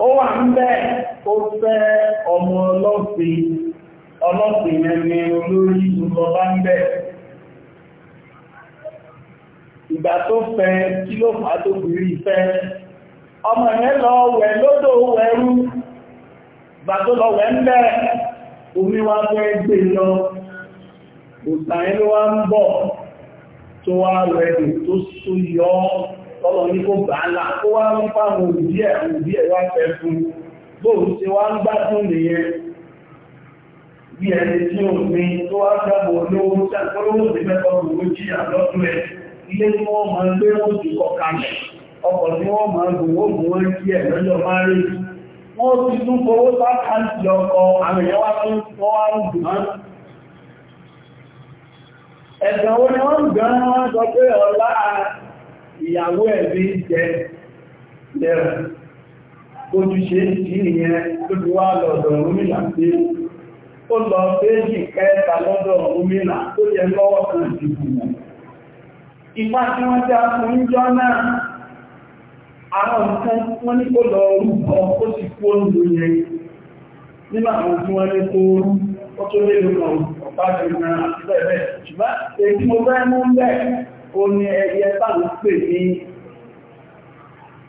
ó wà ń bẹ́ ó fẹ́ ọmọ ọlọ́fin ọlọ́fin ẹni olórí lọ bá ń bẹ́ ìgbà tó fẹ́ kí ló fà tó ọmọ yẹn lọ wẹ̀ lódò wẹ̀rú ìgbà tó lọ wẹ̀ ń bẹ́ omi wá fẹ́ gbé lọ òsàn ló wá ń bọ̀ tó wá tọ́lọ ní kó bá ńlá kó wá ń fáwọn òbí ẹ̀ òbí ẹ̀ fẹ́ fún bóòrù tí wá ń gbádùn nìyẹn bí ẹni tí ó ní tó wá gbàgbọ́ olówó sẹ́kọ́lówó sí mẹ́kọ́ gbogbo jìyà lọ́dún ilé tí wọ́n gbé ìyàwó ẹ̀bí jẹ lẹ́rẹ̀ ojúṣe tí ìyẹn tó bí wá lọ́dọ̀ gómìnà pé ó lọ péjì kẹta lọ́dọ̀ gómìnà tó yẹ lọ́wọ́ kan ìdìbò ìpá tí wọ́n já fún ìjọ náà àwọn nǹkan wọ́n ní kó lọ orúkọ ó sì kú oúnjẹ yẹn nínú àwọn tí wọ́n ní kó orú ó tó lé lọ́pàá jù náà ó ní ẹyẹ táàrí pè ní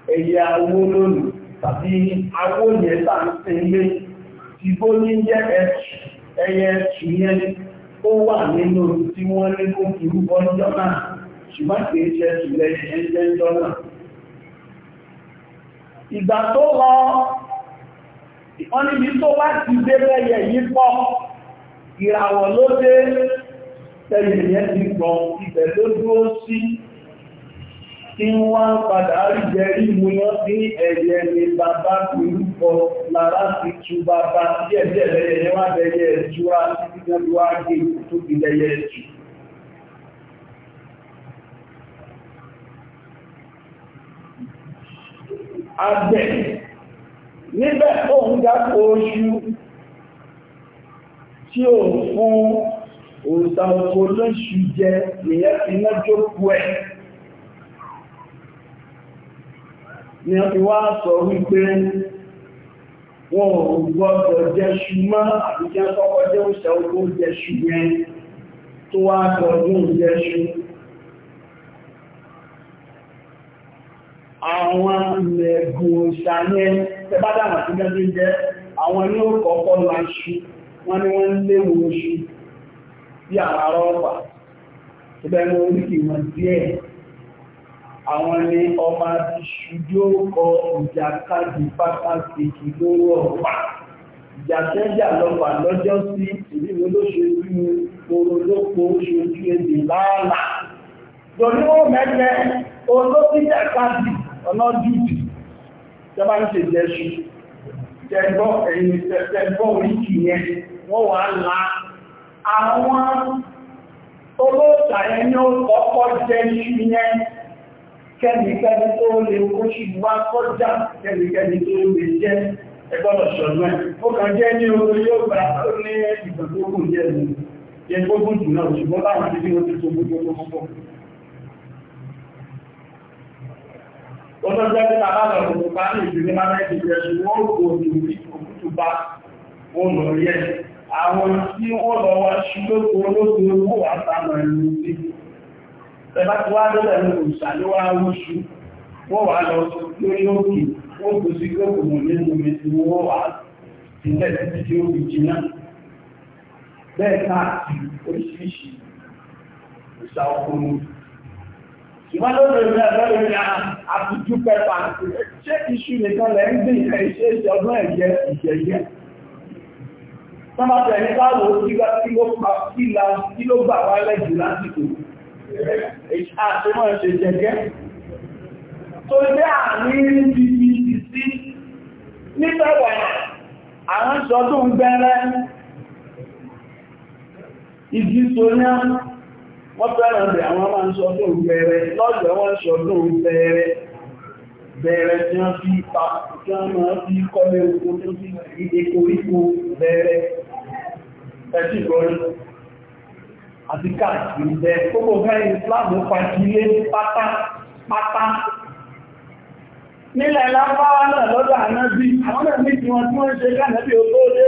ẹyẹ awó lónìí tàbí awó yẹ táàrí pè ní ti bó ní jẹ́ ẹyẹ ẹ̀ṣù yẹn ó wà nínú tí wọ́n ní kó kí rúbọ jọ náà ṣùgbọ́n kìí ṣe ṣùlẹ̀ ẹ̀ṣẹ́ jọ náà tẹ́lẹ̀ yẹn ti gbọ́ ibẹ̀ ló dúró sí tí wọ́n padà ríjẹ rímu náà ní ẹ̀yẹ ni bàbá pẹ̀lúkọ lára ti tu bàbá tí lẹ́yẹ yẹn wá bẹ̀yẹ ẹ̀jú wá títí náà e tó fi lẹ́yẹ ẹ̀jú. òòta ọkọ̀ olóṣù jẹ nìyẹn fi lọ́jọ́ ẹ̀ ni a fi wá sọ wípé wọn ò gbọ́dọ̀ jẹ́ṣù mọ́ àbíjẹ́ kọ́kọ́ jẹ́ òṣà ogún jẹ́ṣù yẹn tó wá gbọ́dún jẹ́ṣù àwọn mẹ̀gùn òṣà yẹn tẹ́bádà àti gẹ́gẹ́ jẹ́ àwọn ní ó kọ́kọ́ lọ aṣù wọ́n ni wọ́n léwu oṣù sí ara rọ́ọ̀bà ibẹ̀ ni oríkì wọn díẹ̀ àwọn ni ọba ṣùgbọ́ kọ ìjàkadì pàtàkì ìgbóró ọ̀pá ìjàkẹ́jà lọ́pà lọ́jọ́ sí ìlú olóṣèlú orodópo ṣojú èdè láàlá torí ó mẹ́jẹ olóṣìjàkadì ọ̀nà jùdì jọba ń ṣe jẹ́ṣù tẹ́gbọ́ oríkì yẹn wọ́n wà láà àwọn olóòtà ẹni ó kọ́kọ́ jẹ́ ìyẹn kẹ́nìkẹ́ni tó lè kó ṣì wá kọjá kẹ́nìkẹ́ni tó lè jẹ́ ẹgbọ́nà ṣọ̀nà ẹ̀ ó kàn jẹ́ ní orí yóò gbà ó ní ìgbàgbógún jẹ́ ní ẹgbógún jù náà ṣùgbọ́n láwọn ti bí ó ti tó gbogbo gbogbo Ọjọ́ jẹ́ pípa bá lọ̀rọ̀ òkú bá ní ìdílé máa mẹ́rin ìrẹsì wọ́n kò ní òkútù bá wọn lọ rí àwọn tí wọ́n lọ wá ṣílókò olóògbé owó àtàmà ìlú sí ẹbá tí wá lọ́lẹ̀ ní òṣàlówà oṣù wọ́n wà lọ lórí òkè wọ́n kò sí gbogbo mọ̀ nínú mẹ́sí wọ́n wà sílẹ̀ títí tí ó fi jìnà bẹ́ẹ̀ káàkiri oríṣiríṣi ìṣà ọkùnrin ṣùgbọ́n lórí ìrìn àjọ ìrìn àtújú pẹ́pà ṣé iṣu nìkan lẹ́ ń gbìn ẹ̀ ṣe ìṣọgbọ́n ẹ̀jẹ̀ ìjẹ̀yẹ̀ Sọ́mà tẹ̀lé káàlù sígbà tí ó pa síla tí ló gbà wá lẹ́jù lásìkò. Àtẹ́mọ̀ ṣe jẹ́gẹ́. Tó jẹ́ àárín bíbí ti sí. Nítẹ̀wẹ̀, àwọn ṣọdún gbẹ́rẹ́. Ìjì Sonia, wọ́n fẹ́ràn rẹ̀ àwọn máa ń ṣọdún gbẹ́rẹ́. Lọ́jọ́ wọ́n ṣọdún gbẹ́rẹ́ bẹ̀rẹ̀ tí wọ́n fi pa, tí wọ́n máa fi kọ́lé oko tó fi ìdè koríko bẹ̀rẹ̀ ẹ̀sì ìgbọ́rí àti káàkiri ẹ̀ gbogbo fẹ́ ìsìláàmù pàtílé pátá pátá nílẹ̀ lápáwá náà lọ́dọ̀ ànábí àwọn ẹ̀mí tí wọ́n tí wọ́n ṣe kánàbí ó tó dé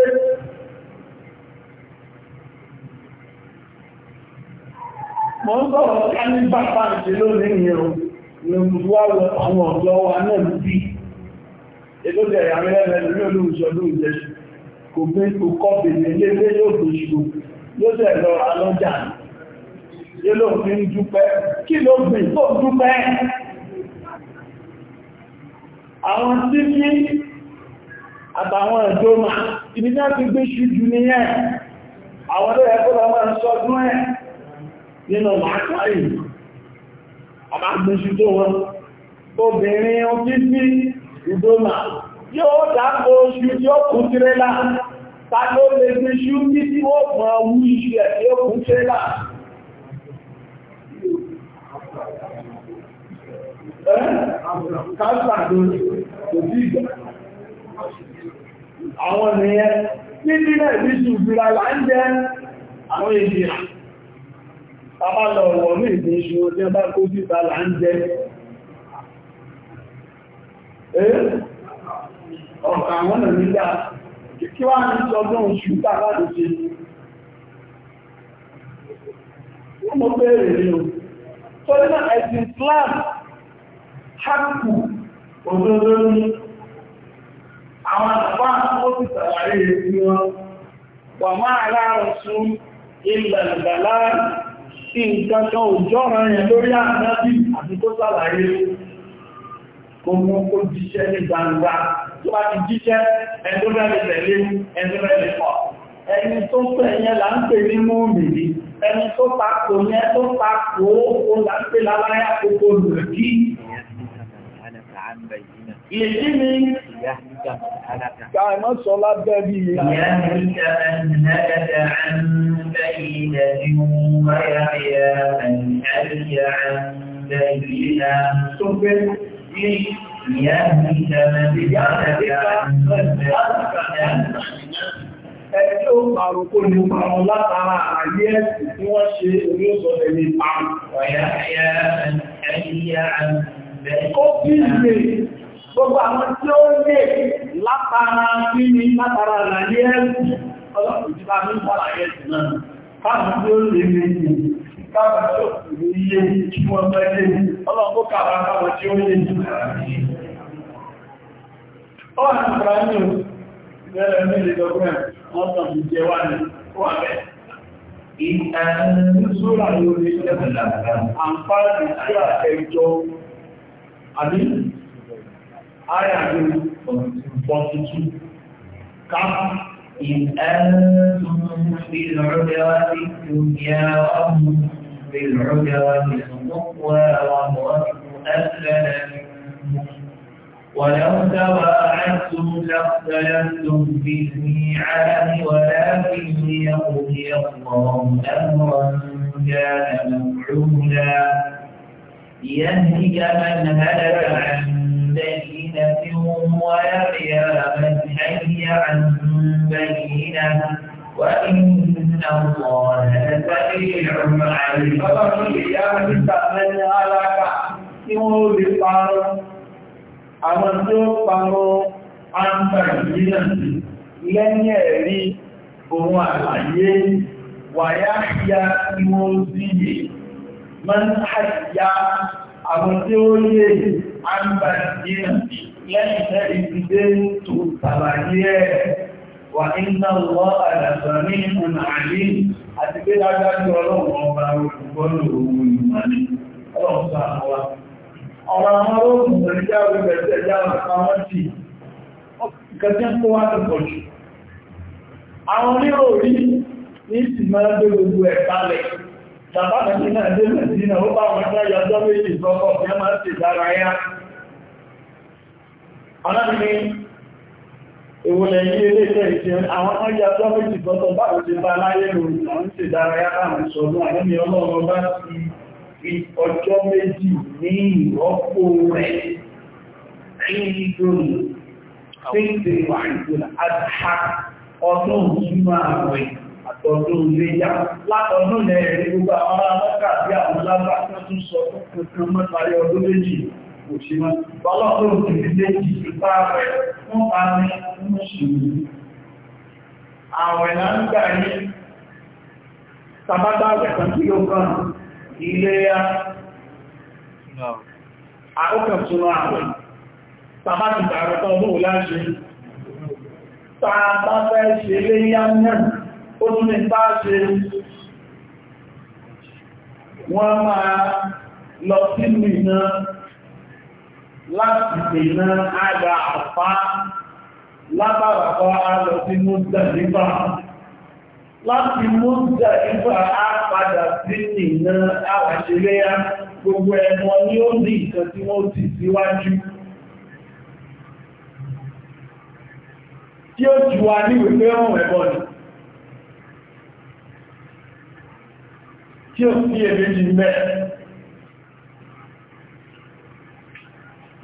mọ́ ń sọ̀rọ̀ ká ní bàbá ìṣèlú lẹ́yìn ẹ̀rùn lẹ́mùsùwáwọ̀ àwọn kò gbé kò kọ́ bèèrè léwé yóò tó ṣù yóò tẹ̀ lọ alọ́jà yóò lóun fi ń dúpẹ́ kí ló gbé tó dúpẹ́ àwọn tí ní àtàwọn ẹ̀dọ́ ma ibi náà ti gbé ṣújú níyẹn àwọn tó yẹ kó lọ máa ń sọdún ẹ̀ nínú màákàrí àbágbéṣù tó wọn obìnrin ọdún sí ìdómà yóò dákò oṣù tí ó kú tirẹ́lá ta ló lè gbé ṣú bí tí ó mọ̀ wú iṣu ẹ̀ tí ó kún tẹ́lá àwọn ènìyàn ní nílẹ̀ ìbíṣù ìbìra là ń jẹ́ àwọn ènìyàn bàbá lọ wọ̀ ní ìbíṣù tí ó bá kó síta là ọ̀kà àwọn ènìyàn kí wá ní ọdún oṣù tàbá lè ṣe wọ́n mọ́ bẹ́ẹ̀rẹ̀ ní o tó nínú ẹ̀sìn Islam hapù òdòdó ní àwọn àpá ó ti sàlàyé èsì wọn wà máa láàrùn sún ilẹ̀ ìgbàlá sí nǹkan kan òjò ọ̀ràn yẹn lórí àmì àti tó sàlàyé kò mú kó jíṣẹ́ ní gbangba tu vas te dire un tó bá ti jíṣẹ́ ẹ̀dọ́gbẹ̀lẹ̀ tẹ̀lé ẹ̀dọ́gbẹ̀lẹ̀ pọ̀ ẹni tó pẹ̀ yẹn là ń pè ní mọ́mìnì ẹni tó pàkó yẹn tó pàkó ó là ń pè láláyà kókó lòdì Èyí ni káàmọ́ sọ lábẹ́ bí i. Yàrá Ẹjọ́ pàrùkú ni pàrùn látara àyé ẹ̀sì tí wọ́n ṣe orí òṣòlẹ̀ ní pàrùn. Ọ̀yá ẹ̀yà ẹ̀yà ẹ̀yà Kó bí lè gbogbo àwọn tí ó lè látara bí ní látara àyé ẹ̀sì ọlọ́pùtí bá ní káàkiri tó kìí yé kí wọ́n mọ́ ilé ọlọ́pọ̀ kààrà káwọn tí ó yé jù ó hàn fúra ní ìrẹ́lẹ̀ mílẹ̀ dọ́gbẹ̀rẹ̀ wọ́n tàn fi jẹ wà ní wà bẹ̀ ìtàrí sóra yóò lè jẹ́ àǹfààní sí àẹjọ́ àbí ayàgbé pọ̀tìtù káàkiri إن أنتم بالعدوة القوى وهو مؤللا ولو تواعدتم لاختلفتم في الميعاد ولكن ليقضي الله امرا كان مفعولا ليهلك من هلك عن بينه ويحيى من حي عن بينه وإن الله لسميع عليم فقالوا يا مستقبل هلاك tí wọ́n lè parọ́ àwọn tí ó parọ́ antarìlẹ́sì lẹ́yìn ẹ̀rí ohun àlàyé wàyá ya tí wọ́n síye mọ́nàíyá àwọn tí ó lè antarìlẹ́sì lẹ́yìn ẹ̀rí ti dé tó tàbàyé ẹ̀ wà iná lọ àdàgbà ní ìmọ̀nà àlè àti pé dájájú ọlọ́run ọba olùgbọ́nà òun ìmọ̀ni ọlọ́run sọ àwọn ọ̀rọ̀ àwọn olóògùn tó ní jáwé bẹ̀rẹ̀ jáwé àwọn tí ìkẹtẹ́ kó ó bá wọn náà yọjọ́ méjì sọ́kọ̀ fẹ́ máa ń ṣèdára yá ìwòlẹ̀ yìí eléṣẹ́ ìṣẹ́ àwọn ọjà tó méjì tọ́tọ̀ báwo ti bá láyé lórí àwọn ti dárayá láàrín sọ́dún àlẹ́mì ọlọ́run bá ti fi ọjọ́ méjì ní ìrọ́pò rẹ̀ ọdún kò ṣe mọ́. Ọlọ́pọ̀ ti fi lé jì ipá rẹ̀ wọ́n bá ní mùsùlùmí. Àwẹ̀ náà ń gbà ní Sàbátà àgbẹ̀kan tí ó kàn ilé ya. Àkókò tún àwẹ̀. Sàbátà àgbẹ̀kan ọdún wò láṣẹ. Sàbátà fẹ́ yá náà, ó tún ní bá ṣe. Wọ́n máa lọ sínú ìná láti dènà àgbà àpá lábàràpọ̀ alọ sí múta nípa láti múta nípa á padà sí nìna àwàṣeléyá gbogbo ẹ̀mọ́ ní ó ní ìkan tí wọ́n ti síwájú tí ó jù wá ní wípé ọ̀rùn ẹ̀bọ̀ ni tí ó sí èméjì mẹ́rin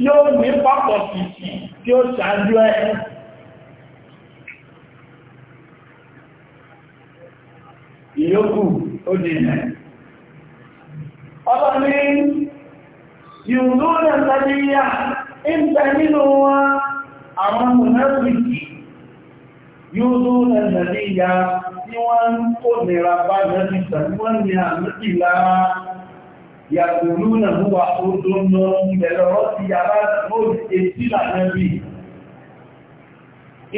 yóò ní pápọ̀ títì tí ó ṣáájú ẹ̀ ìyókù ó dìnà ọba ní yìí lóòrẹ̀ tàbíyà ìbẹ̀ nínú wọn àwọn mùnẹ́sìkì yóò lóòrẹ̀ tàbíyà tí wọ́n kò nìra bá jẹ́ yàtòlúnà lúwà oòdó náà ìbẹ̀lẹ̀ ọ̀rọ̀ ti yàrá lóòdì etí lànà bí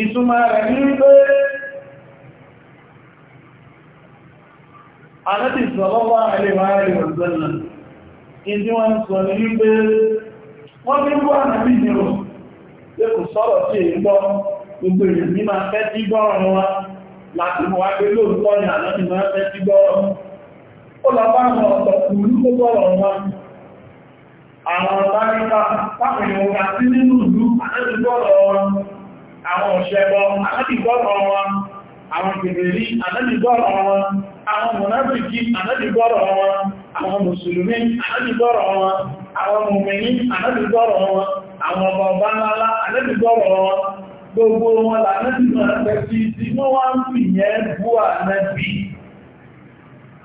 ìtumà rẹ̀ ní pé anáti sọ̀lọ́wọ́ àìlèwà àìlèwà ìdí wọn sọ ní wípé wọ́n ní wọ́n àmì ìrò pé kò sọ̀rọ̀ sí èyíkọ́ gbogbo èyí ní máa fẹ́ tí gbọ́rọ̀ wọn láti mọ̀ wá pé lóòótọ́ ni àná ti ó lọ bá àwọn ọ̀tọ̀ ìlú tó bọ́rọ̀ wọn àwọn ọ̀tọ́ríkà pápẹ̀lú àti nínú ìlú àti bọ́rọ̀ wọn àwọn òṣèbọ àti bọ́rọ̀ wọn àwọn kèbèrè àti bọ́rọ̀ wọn àwọn mọ̀náfíkì àti bọ́rọ̀ wọn àwọn mùsùlùmí àti bọ́rọ̀ wọn àwọn mùmìnì àti bọ́rọ̀ wọn àwọn ọba ọba ńlá àti bọ́rọ̀ wọn gbogbo wọn lànà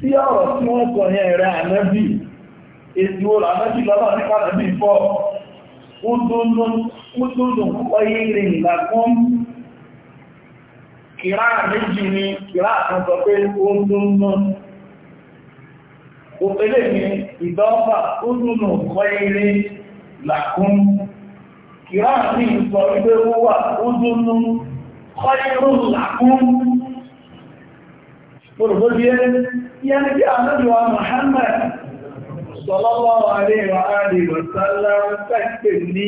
sí ọ̀rọ̀ tí wọ́n sọ yẹn rẹ̀ ànábì èsì wo lànábì lọ́nà nípa ànábì fọ́ údúdú ọyẹ́ rẹ̀ ìlàkún kìrá méjì ni kìrá kan sọ pé údúdú òpèlè ní ìdọ́fà údúdú ọyẹ́ rẹ̀ ìlàkún kìrá ní ìsọ wípé ó wà údúdú ọyẹ́ rẹ̀ ìlàkún Gbogbo bí ẹni, yẹni kí àmọ́jọ́wà Muhammad, sallallahu alaihi wa alihi wa sallam pẹ̀pẹ̀ ní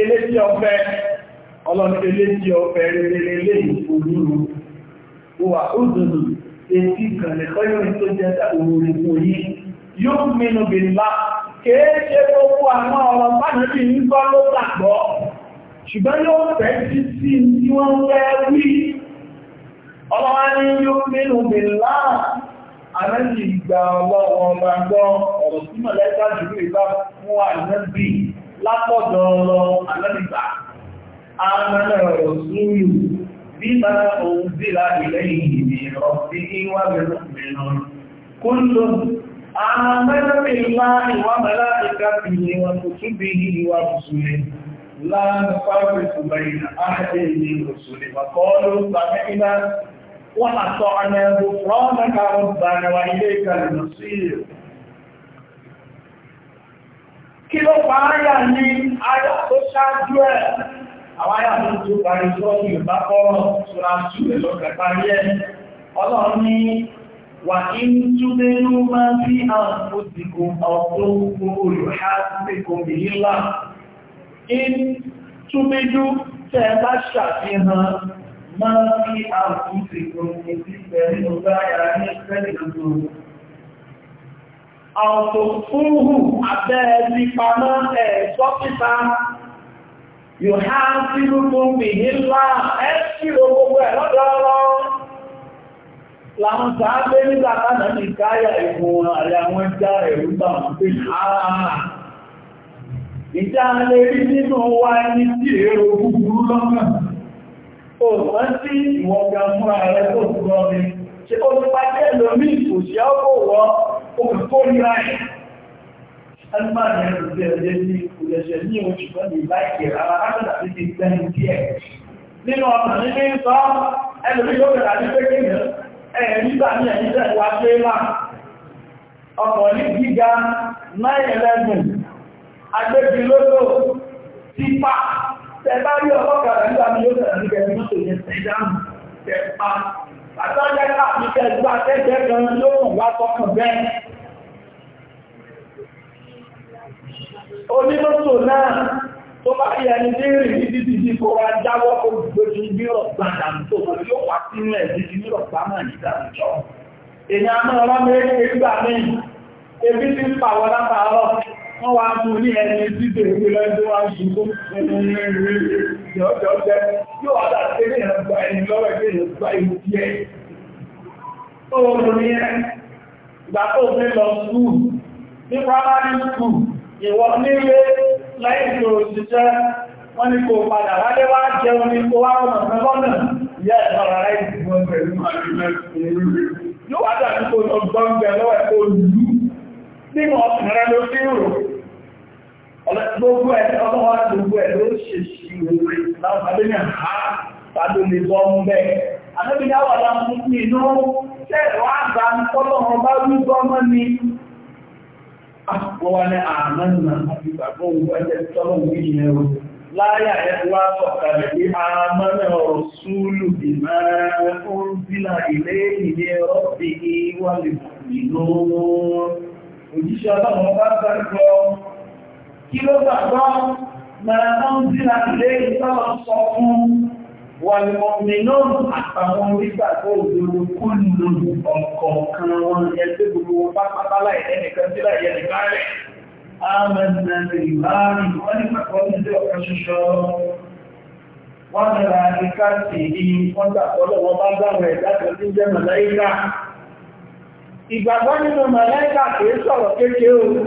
eléjì ọ̀fẹ́, ọlọ́nà eléjì ọ̀fẹ́ rere lè olúrú. Wà ó dùnù, ètí kàlẹ̀ kọ́yọ̀ tó jẹ́ òwúrí fún yí, yóò mínú bí lá, kéèṣe gbogbo ọlọ́wọ́ ní yóò nínú bèèlá àmẹ́sì ìgbà ọlọ́wọ́ sí mọ̀lẹ́gbà jùlọ ìbá fún àmẹ́bì lápọ̀dọ̀ ọlọ́ àmẹ́bìgbà àmẹ́lẹ̀ ọ̀rọ̀ súnlù ìwà ونطعنا غفرانك ربنا وإليك المصير kí ló pa áyà ní áyà tó ṣáájú ẹ̀ àwọn áyà tó tó parí sọ́ọ̀tù ìbákọ́rọ̀ ṣúra ma rẹ̀ lọ́kẹ̀ parí ẹ̀ ọlọ́run ní wà máa ń fi àwọn ìsìnkú ìsí pẹ̀lú báyà ní ìfẹ́lẹ̀ gbogbo. Àwọ̀tò fúrúhù abẹ́ ẹni pamọ́ ẹ̀ sọ́pítà yóò há sí gbogbo mìí ńlá ẹ́ ṣírò gbogbo ẹ̀ lọ́dọ́ọ́lọ́. Làwọn sàábé nígbà tánà ní káyà ìfún àyàwọn já ẹ̀rú bá wọn pé àà. Ìjà lè rí nínú wa ẹni tí èrò búburú lọ́kàn òmọ́sí ìwọ̀gbà fún ààrẹ tó gbọ́ mi ṣe ó ti pàtẹ́ lómí òṣìá ó wọ́ olùkórira ẹ̀ ẹgbàmì ẹ̀rù sí ẹ̀rẹ́ ní ìpòlẹ̀ṣẹ̀ ní òṣìṣẹ́ ní láìkẹ̀ ara látàdà sí ti gbẹ̀yìn díẹ̀ nínú ọ̀nà nílé ń sọ ẹlùmí yóò bẹ̀rẹ̀ ní pé kí ẹ̀rẹ̀ nígbà ní ẹ̀yìn bá rí ọlọ́kàrà nígbà ní yóò ìdáhùn tẹ̀pa. Àtọ́jẹ́ káàkiri tẹ̀gbà tẹ́jẹ́ ló mọ̀ wá tọkàn bẹ́ẹ̀. Onímọ́tò náà tó bá yẹ ní dírì ní títí tí kò jáwọ́ ní tó yóò ebi ti ń pàwọ́ látàárọ̀, wọ́n wá mú ní ẹni ìsìn ọjọ́ jẹ́ yóò wá dà sí ní ẹ̀gbà ẹ̀yìn lọ́wọ́ ẹgbẹ́ ìgbà ìlú díẹ̀. Oòrùn ni ẹ, ìgbà tó gbé lọ skúù, ní primary school, ìwọ nílé lẹ́yìn tó ṣiṣẹ́, wọ́n ní kò padà wálé wá jẹun ní kó wá ọ̀nà lọ́nà ìyá ìfọ̀rọ̀ ara ìgbọ̀n pẹ̀lú Yóò wá dà sí kò lọ gbọ́n bẹ̀ lọ́wọ́ ẹ̀kọ́ lù nínú ìwòrè láwọn àbẹ́yàn ha tàbí lè bọ́ mú bẹ́ẹ̀. Àdébìnrin àwọn àdámú nínú tẹ́ẹ̀rọ àgbà tọ́lọ́rọ̀ bá wí gọ́mọ́ ni. Wọ́n wá ní àmọ́ nà àti ìgbàgbọ́ òun ẹgbẹ́ tọ́lọ́run ní ìyẹn o. Láyà ẹ wá sọ̀kalẹ̀ pé àmọ́ náà ọ̀rọ̀ súúlù bì máa ó ń bílà ilé ìdí ẹ̀rọ bí i wà lè nínú. Òjíṣẹ́ ọlọ́run bá gbàgbọ́. Kí ló gbàgbọ́? máa náà ń sí àtìlé ìtọ́lọ̀ sọ fún wàlùmọ̀mìnàn àtàwọn onígbàgbọ́ òdòdó kú lòdù ọ̀kọ̀ọ̀kan wọn ẹgbẹ́ gbogbo pápátálà ìdẹ́nìkan sílẹ̀ ìyẹnìkan rẹ̀ آمنا بالله ونفقه وحششه wọ́n nira ìká sí ìyí wọ́n tàbọ́lọ̀ wọn bá gbáwẹ̀ ìdájọ́ tí jẹ́ màláíkà. ìgbàgbọ́ nínú màláíkà kìí sọ̀rọ̀ kéèkéé ohun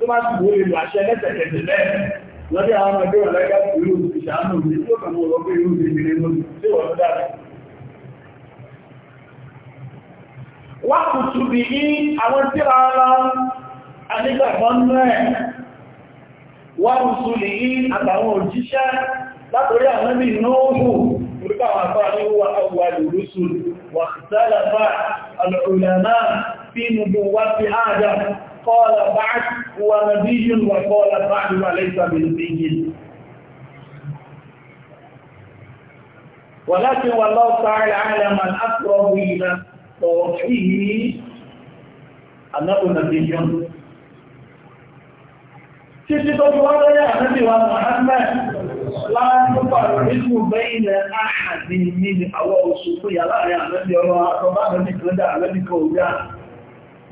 tó bá ti wó lè lò àṣẹ lẹ́sẹ̀kẹsẹ̀ bẹ́ẹ̀ lọ́dí àwọn ọmọdé wà lẹ́gbẹ́ ìlú ìṣàánú ní tí ó kàn mọ́ ọlọ́pẹ́ ìlú ìgbèrè lónìí tí wọ́n dára wá kùtù bí i àwọn tí ra ara anígbàgbọ́n náà wá kùtù lè yí àtàwọn òjíṣẹ́ látòrí àwọn ẹbí nóòhù orúkọ àwọn àfáà ní wà àwọn àlùrúsù wà sálàfà alùrùlànà fínú bí wá sí ádámù قال بعد هو نبي وقال بعد وليس بنبي ولكن والله تعالى أعلم من أقرب إلى طرحه أنه نبي títí tó fi wọ́n lọ́yẹ́ àmẹ́bí wa Muhammad láàrúkọ̀ ìlú bẹ́yìn àhàdì níbi àwọn òṣùpù yà láàrin àmẹ́bí ọlọ́ àtọ́bá àmẹ́bí kan dá àmẹ́bí kan òwúrẹ́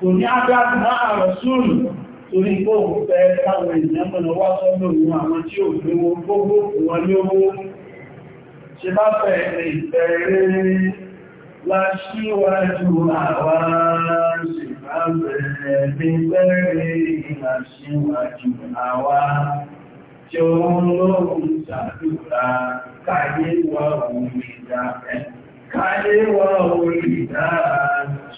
kò ní ágbàtí máa rọ̀súùlù torí kó fẹ́ káwọn ènìyàn mọ̀nà wá sọ́nà òun àwọn tí ò gbé wọn gbogbo wọn ní owó ṣe bá fẹ́ ìfẹ́rẹ́ láṣíwájú àwọn ṣèbábẹ̀rẹ̀ bí fẹ́rẹ́ láṣíwájú àwọn tí ó ń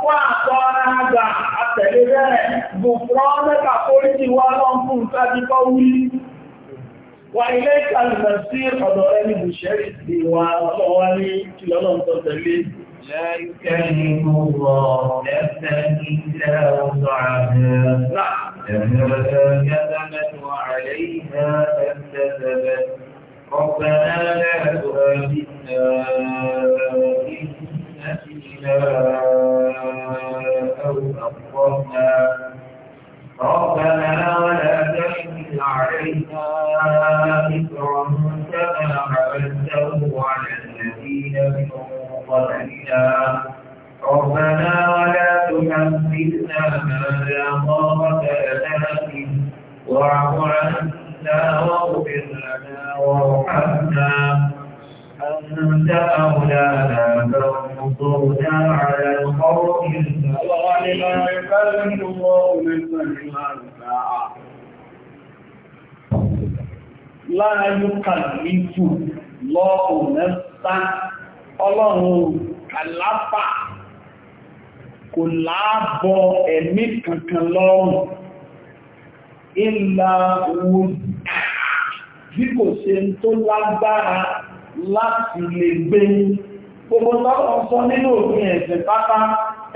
fún àtọ́ ara àgbà àtẹ̀lé bẹ́ẹ̀ gùnfọ́ mẹ́ta fóríjì wá lọ́n fún ìsájí kọ́ wà ilé ìkàlùmọ̀ sí ọ̀dọ̀ ẹni bùṣẹ́rì wa ọlọ́wọ́ ربنا لا تؤاخذنا إن شاءوا أقررنا ربنا ولا تحمل علينا إسرا كما حملته على الذين من قبلنا ربنا ولا تحملنا ما لا طاقة لنا واعف عنا واغفر لنا وارحمنا أنت أولانا فانصرنا على القوم الظالمين لا يكلف الله نفسا ọlọ́run kàlápà kò láàbọ ẹ̀mí kankan lọ́rùn ìlà òun bí kò ṣe tó lágbára láti lè gbé gbogbo tọ́lọ̀ sọ nínú òfin ẹ̀sìn pátá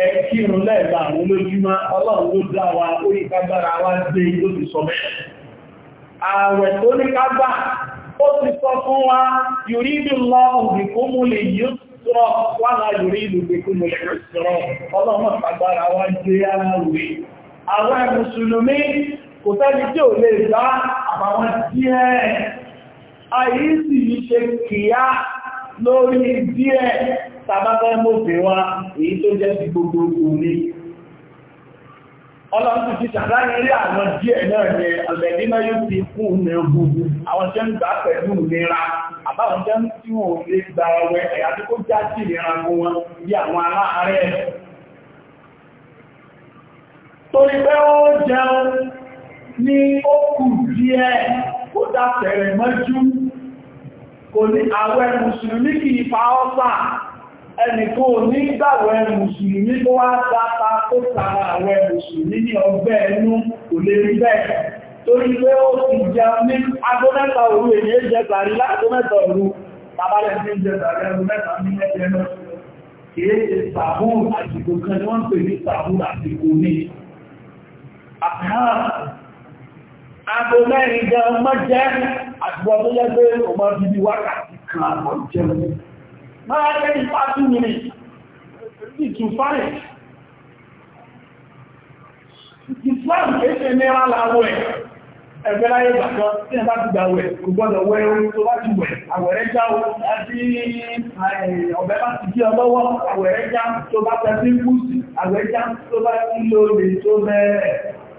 ẹ̀kírun lẹ́ẹ̀bà àwọn olójúmọ́ ọlọ́run ló dá wa ó yí kágbára wá gbé ló ti sọ mẹ́rin ààwẹ̀ tó ní kágbà ó ti sọ fún wa yùrídù lọ òbìkúmù lè yíó sọ wà láà yùrídù òbìkúmù lè sọ ọlọ́run kágbára wá gbé aláwẹ̀ àwọn mùsùlùmí kò sẹ́ni tí ò lè dá àbàwọn díẹ̀ àyí sì yí ṣe kìíyá lórí díẹ̀ tàbátẹ́ mọ́fẹ́ wá èyí tó jẹ́ ti gbogbogbò ní ọlọ́pù ti ṣàdáyé àwọn díẹ̀ náà ní ọ̀lẹ́dínà yóò ti kú ní ogun àwọn jẹ́ ń gbà pẹ̀lú nira àbáwọn jẹ́ ń tí wọ́n lè gba ọwẹ́ ẹ̀yà tí kó já sí wọn bí àwọn aláàárẹ̀ torí pé ó jẹun kódà tẹ̀rẹ̀ mọ́jú kò ní àwẹ̀ mùsùlùmí kì í fa ọ́sà ẹnìkó ní gbàwẹ̀ mùsùlùmí tó wá dáta tó tààrà àwẹ̀ mùsùlùmí ní ọgbẹ́ ẹnu kò lè rí bẹ́ẹ̀ torí pé ó ti jẹ ní agbómẹ́ta òru èyí jẹ tàrí lágbómẹ́ta òru tàbálẹ̀ tí ń jẹ tàrí agbómẹ́ta ní ẹgbẹ́ náà kìí ṣe sàbúrù àsìkò kan ni wọ́n pè ní sàbúrù àsìkò ní àkáàkù Àbò mẹ́rin jẹ ọmọ jẹ́ àtìwọ́ tó yẹ́ pé ọmọ bíbí wákàtí kan àbọ̀ jẹun. Máa jẹ́ ipá tún mi ìtù fáyẹ̀. Islam kéṣe mẹ́ra láwọ́ ẹ̀ ẹgbẹ́ láyé bàkan tí ẹ bá ti gbà wẹ̀ kò gbọ́dọ̀ wẹ̀ orí tó bá ti wẹ̀ àwẹ̀rẹ́ já o àti ọ̀bẹ́ bá ti jẹ́ ọlọ́wọ́ àwẹ̀rẹ́ já tó bá tẹ́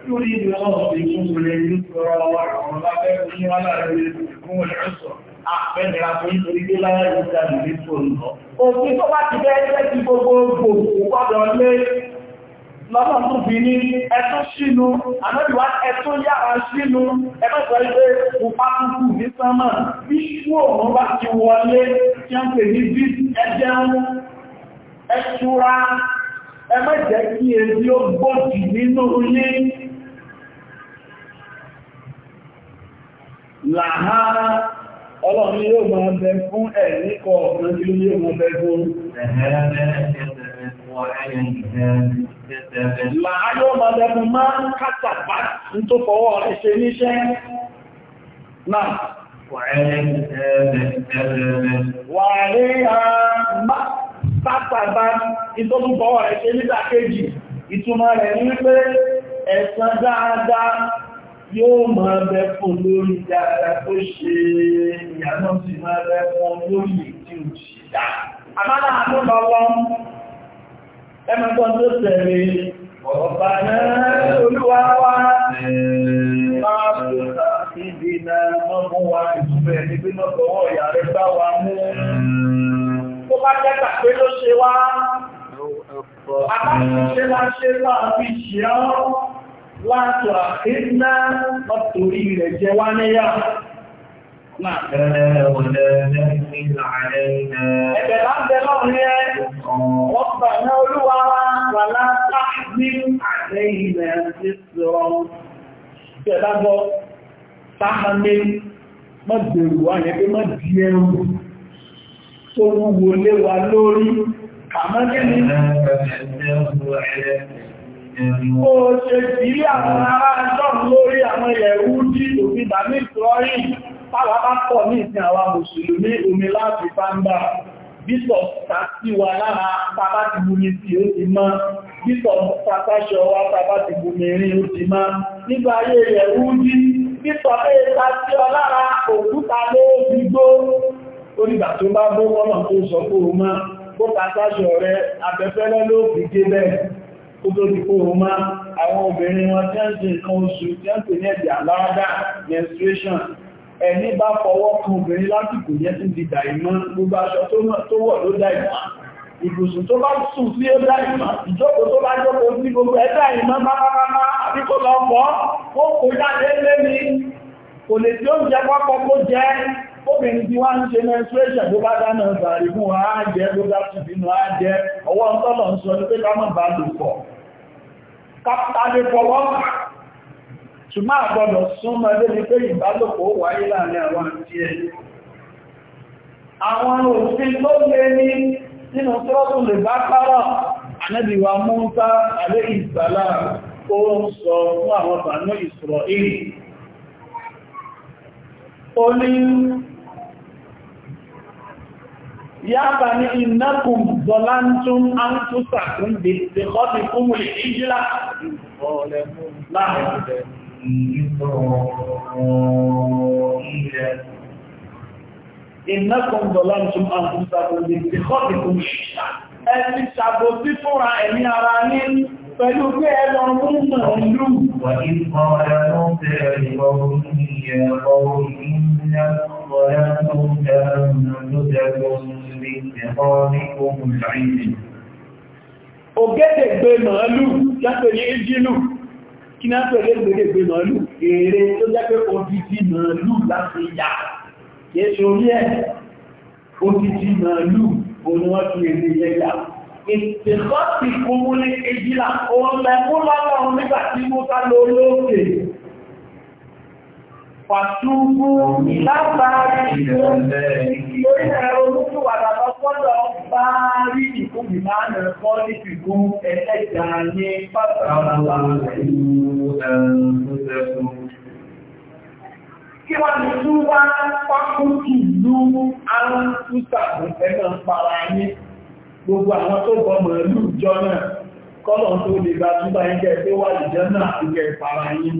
يريد الله بكم اليسر وما بكم ولا يريد بكم العسر Àpẹẹrẹ àpòyí torí pé láyé ìjà ìlú tó ń lọ. Òfin tó bá ti bẹ́ẹ̀ jẹ́ ti gbogbogbò òpàdọ̀ lé lọ́nà tó fi ní ẹ̀tún sínú, àmọ́bíwá ẹ̀tún yára sínú, ẹgbẹ́sọ̀ ilé òpákùnkù ní sánmà, bí ṣú òun bá ti wọlé tí a ń pè ní bí ẹjẹun, ẹṣúra, ẹmẹ́jẹ́ kí èdè ó gbòdì nínú yìí làhá ọlọ́run yóò máa bẹ fún ẹ̀ ní kọ̀ọ̀kan tí ó yóò máa bẹ fún làhá yóò máa bẹ fún máa ń kàtàbá ní tó fọwọ́ rẹ̀ ṣe níṣẹ́ náà wà ní àmà sátàbá yóò máa bẹ fún lórí dáadáa tó ṣe ìyànà sí máa bẹ fún lórí ìdí òṣìṣà. Àmàlà àánú lọ wọ́n, ẹmẹ́gbọ́n tó tẹ̀lé ọ̀rọ̀bà náà olúwa wá máa tó ló ṣe wá, àbáṣe ṣe wá ṣe láàbí ṣe ọ́ láti àkíńdá lọ́tòrí rẹ̀ jẹ wá níyà. Ẹ̀bẹ̀ láti lọ́rin ẹ, wọ́n gbà ní olúwa wà látà ní àrẹ ilẹ̀ ti sọ̀rọ̀. Bẹ̀bá bọ́, táhàmé, mọ́ bèèrè wá yẹ pé mọ́ di ẹrù tó wúwo lé wa lórí, kàmọ́ kí ni? Ó ṣe ìdílé àwọn ará ẹjọ́ lórí àwọn ẹ̀rú jí òfin dàmí ìtọ́rí pàwàpá pọ̀ ní ìsìn àwọn Mùsùlùmí omi láti pàmbà. Bísọ̀ tàbí wà lára tàbá ti gúnmi tí ó ti mọ́. Bísọ̀ tàbáṣọ wá tàbá ti gúnmi rí ó ti mọ́. Nígbà ayé rẹ̀ rú jí, bísọ̀ ó tó ti kó ọmọ àwọn obìnrin wọn tí a ń ṣe nǹkan oṣù tí a ń pè ní ẹ̀dẹ̀ aláwádà menstruation ẹni bá fọwọ́ kan obìnrin lásìkò yẹn ti di dàìmọ́ gbogbo aṣọ tó wọ̀ ló dàìmọ́ ìbùsùn tó bá sùn sí ó dàìmọ́ ìjókòó tó bá jókòó sí gbogbo ẹ̀ dàìmọ́ pápápápá àbí kó lọ fọ́ ó kò jáde lé mi kò lè tí ó jẹ pápọ̀ kó jẹ́ obìnrin tí wọ́n ń ṣe menstruation tó bá dáná sàrí fún wa á jẹ́ tó dá tùbínú á jẹ́ ọwọ́ ń tọ́lọ̀ ń sọ ní pé ká mọ̀ bá lò pọ̀ kápítálé fọwọ́ ṣùgbọ́n àgbọ̀dọ̀ súnmọ́ lórí pé ìbálòpọ̀ wáyé láàrin àwọn àti ẹ̀ àwọn òfin tó lé ní nínú tọ́tù lè bá párọ̀ ànẹ́bìwà Mùsá alẹ́ ìsàlá ó ń sọ fún àwọn bàánú Ísírẹ́lì yába ní inákùn zọlántún án tó sàkún dé lè kọ́ ti fún mú lè ìjìlá Ìnákùn zọlántún án tó sàkún dé kọ́ ti fún mú Ẹni ṣàbò fúnra ẹ̀mí ara ní pẹ̀lú pé ẹlọ mú mọ̀ ìlú. Wà ní ọmọ ẹ̀rọ bẹ̀rẹ̀ ìwọ̀n ọ̀rìnkún ìrìnlẹ̀. Ògẹ́dẹ̀gbé màálù jápẹ̀ ní ìjìnlù, kí náà pẹ̀lẹ̀ gbẹ̀gbẹ̀ màálù, èrè tó jápẹ̀ òtìtì màálù láti yà. Yẹ́ṣe orí ẹ̀, òtìtì màálù, òun wọ́n ti èrè yẹ́yà. Ìtẹ̀kọ́ ti kúmú ní ìjìlà, òun lẹ́kún lọ́lọ́run nígbà tí mo ká lọ lóòkè. Fàtúgbú lábàárí ìrìnlẹ̀ olúkúwàdà lọ́pọ̀lọ́ bá rí ìkúbì máa nà kọ́ ní fìkún ẹlẹ́gbà ní pàtàkì Kí wá ní tún wá pápúkì lú àrùn tútàkùn ẹ̀nà pàrà ní gbogbo àwọn tó gbọmọ̀ ìlú ìjọ náà, kọ́lọ̀ tó lè bá túbà ẹgbẹ́ tó wà ìjọ náà ìgbẹ̀ ìpàrà yìí.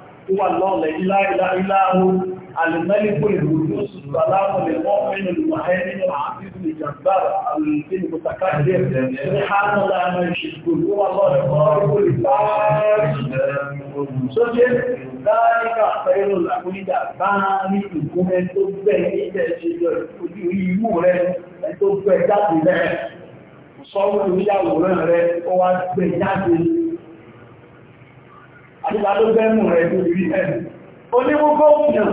هو الله الذي لا إله إلا هو الملك القدوس السلام المؤمن المهيمن العزيز الجبار المتكبر سبحان الله عما يشركون هو الله الخالق الفارس ذلك خير لكم إذا بارئكم أن تبعي تشجر ìmú rẹ tó gbẹ jáde rẹ sọ́wọ́ ìyàwó rẹ ó wá gbẹ jáde àdúgbà tó bẹ́mù rẹ̀ tó rí ẹni onímúkọ́ òyìn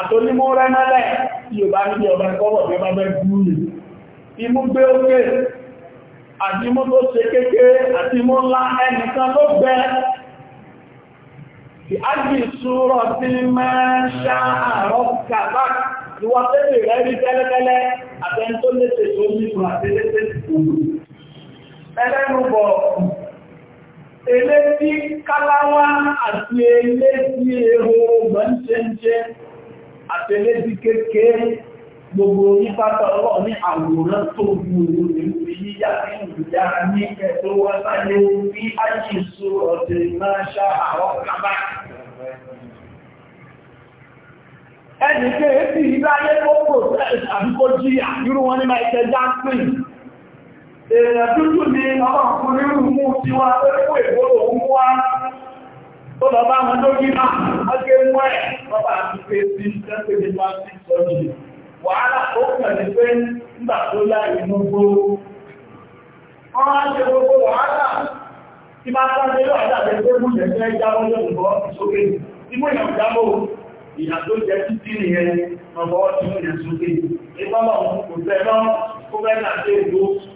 àtònímú rẹ́mẹ́lẹ̀ tí ò bá ní ọba ẹkọ́wọ̀ tí ó bá bẹ́ gúrù imú gbé ókè àti imú tó ṣe kékeré àti imú ńlá ẹnìkan ló gbẹ́ ti ágbì súrọ̀ tí mẹ́ṣá àrọ́ kàbá ìwọ tẹ́lẹ̀ rẹ̀ rí tẹ́lẹ́tẹ́lẹ́ àtẹ́ntó lẹ́tẹ̀ tó ní ti Kalawa àti elétí ehoro gbọ́nṣẹ́nṣẹ́ àti ti kéèké gbogbo nípàtà ọlọ́ ní àwòrán tó gbogbo ìlú yíyá sí ìyá ní ẹ̀tọ́ wá sáyé bí ájìsú ọ̀tẹ̀ máa ṣá àwọn kábá ẹnìkẹ́ èsì gbogbo àbíkó jí èèyàn dúdú ni ọlọ́pùnrin mú tí wá lórí èbó òun wá tó lọ bá wọn lórí náà ọjọ́ mú ẹ̀ bọ́bá àti pé sí ṣẹ́pẹ́ ní bá sí sọ́jì wàhálà ó kàn ní pé nígbà tó yá inú gbó wọ́n á ṣe gbogbo wàhálà tí máa sáré lọ àdàbẹ̀ pé mú ṣẹ̀ṣẹ̀ jábọ́ lọ́dùnbọ́ sókè ìmú ìyàn jábọ́ ìyàn tó jẹ́ títí nìyẹn ọ̀bọ̀ ọ̀tún ìyàn sókè ìbọ́lọ̀ kò fẹ́ lọ́rùn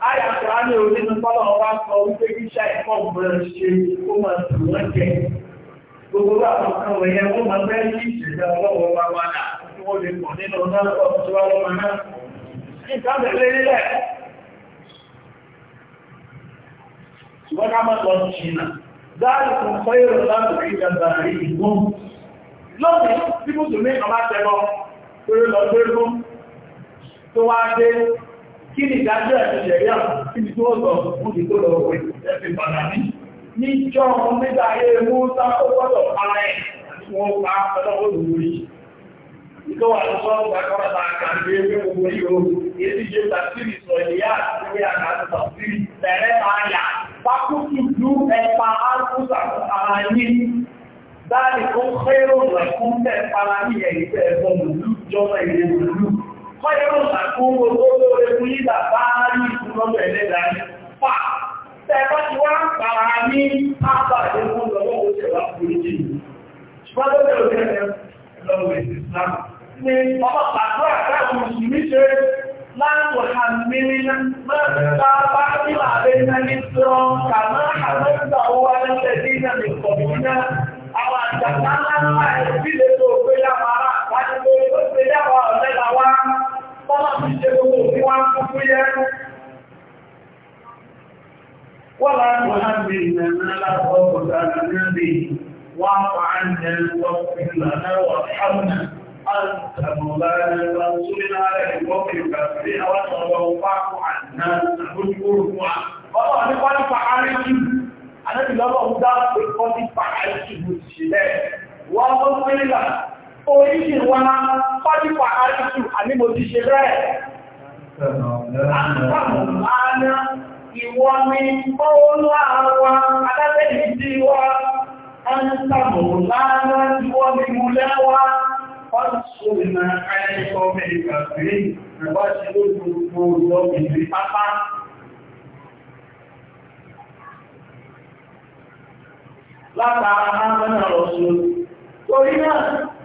Ayà Gbogbo àwọn kan wọ̀nyẹ wọ́n máa bẹ́ ní ìṣẹ̀dá ọlọ́wọ́ wa wá náà tí wọ́n lè pọ̀ nínú náà lọ́pọ̀ tí wọ́n máa náà. Ìkàbẹ̀ nílẹ̀. Ṣùgbọ́n ká máa tẹ́ lọ, pé fún tó wá kí ni ìdájọ́ ẹ̀sẹ̀ yà kí ni tó sọ fún ti tó lọ wẹ̀ ẹ̀sìn padà ní. níjọ́ nígbà ayé Mùsá ó gbọ́dọ̀ para ẹ̀ wọ́n pa ọlọ́wọ́ lórí. ìtọ́wà tó sọ ọgbà kan láta àkàndé ní gbogbo ìró èyí ṣe tàbí sọ ìyá àti àkàndé tàbí bẹ̀rẹ̀ àyà pákútù ju ẹ̀pa ákúsà ara yín. dáàbì tó kérò Kọ́yẹ̀rùn àkúwò tó lóore fún yídà bá rí ìfúnnọ́mọ̀ ẹ̀lẹ́dà ní. Fà, tẹ́ẹ̀bá ti wá pàrà ní àbàdé fún lọ́wọ́ òṣèlú àpòlìjì. Ṣùgbọ́n tó bẹ̀rẹ̀ òṣèlú lọ́wọ́ ìsìlámù. Ní ọmọ pàtó àtàkùn òṣìlú ṣe láàrùn àmìnira mẹ́ta bá nílà abẹ́nà ní sọ́rọ̀ kàmá àmẹ́ta owó alẹ́sẹ̀ dínà ní kọ̀mínà àwọn àjàkálá láìsílẹ̀ tó gbé láwọn ó gbé láwọn ọ̀lẹ́làwọ́ Bọ́lá fi ṣe gbogbo tí wọ́n kú fún yẹ́. Wọ́n láàrín wọ́n láti ìrìnà aláwọ̀ ọ̀dá nàbí wọ́n fa àjẹ́ ìwọ̀n ìlànà wà ṣáwùnà. Àtàmọ̀lára ẹ̀rọ sórí láàrẹ̀ ìwọ́pẹ̀ ìgbàfẹ́ àwọn ọ̀rọ̀ pápọ̀ àná àbójúkúrò fún wa. Ọlọ́run ní wọ́n fa àríkì. Àlẹ́bìlọ́lọ́ ń dá pé kọ́ sí fa àríkì bó ti ṣe bẹ́ẹ̀. Wọ́n tó pé oríṣì wa fọ́dípa àríṣù àní mo ti ṣe rẹ̀. Àtàmùmáná ìwọ ni bọ́ọ̀lú àwa adábẹ́ni tí wá. Àtàmùmáná ìwọ ni mú lẹ́wà. Fọ́díṣòrìnà àìṣọ́ mẹ́rin kàfẹ́ ìgbà tí ó n'ụzọ náà,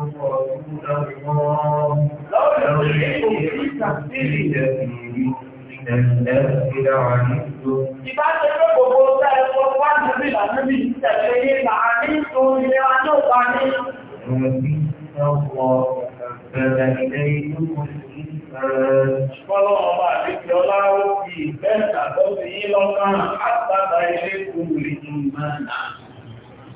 Ìbá ṣe pé gbogbo ọjọ́ ẹ̀kọ́ wá nílùú ìlànà bí ìtẹ̀lẹ̀ yé màá ní ìtòrí ẹwà náà bá ní. Ọlọ́run ọba àdíkẹ́ ọlá ó fi ìfẹ́ ìtàkọ́ sí yí lọ́kàn àtàtà ilé kúrò ìjùmọ̀ náà.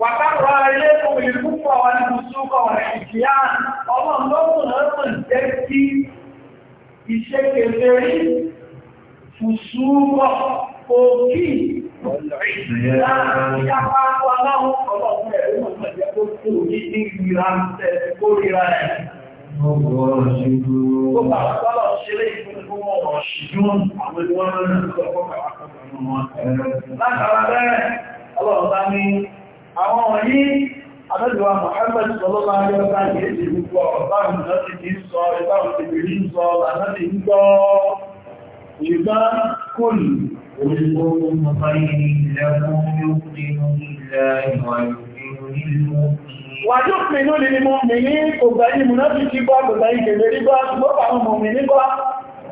Wàtàrà ilé fún ìrúkọ̀ wọn ní Mùsùlùkọ̀ wọn ìjìyà ọmọ lọ́pùn lọ́pùn jẹ́ kí iṣẹ́ kékeré Mùsùlùkọ̀ òkì ìjìyà ìyapa aláwọ̀ ọlọ́pùn ẹ̀rọ mọ̀ jẹ́ kó kú ní ìrìnàmṣẹ́ kó ríra ẹ̀ ọlọ́run bá ní àwọn wọ̀nyí àtọ́jọ́wà Muhammad sọlọ́lá ayọ́ta yìí gbogbo ọ̀bárùn náà ti kìí sọ ìbárùn ti bèèrè ń sọ lànà ti ń gbọ́ ìgbá kòlù olùgbòhùn mọ̀bá ìlẹ̀kùn yóò fi ń ilẹ̀ ìwà ìlú wàjú pínú ni mo mìí kò gbáyé mú náà fi kí bá gbogbo ìgbèrè rí bá gbogbo àwọn mọ̀mí nígbà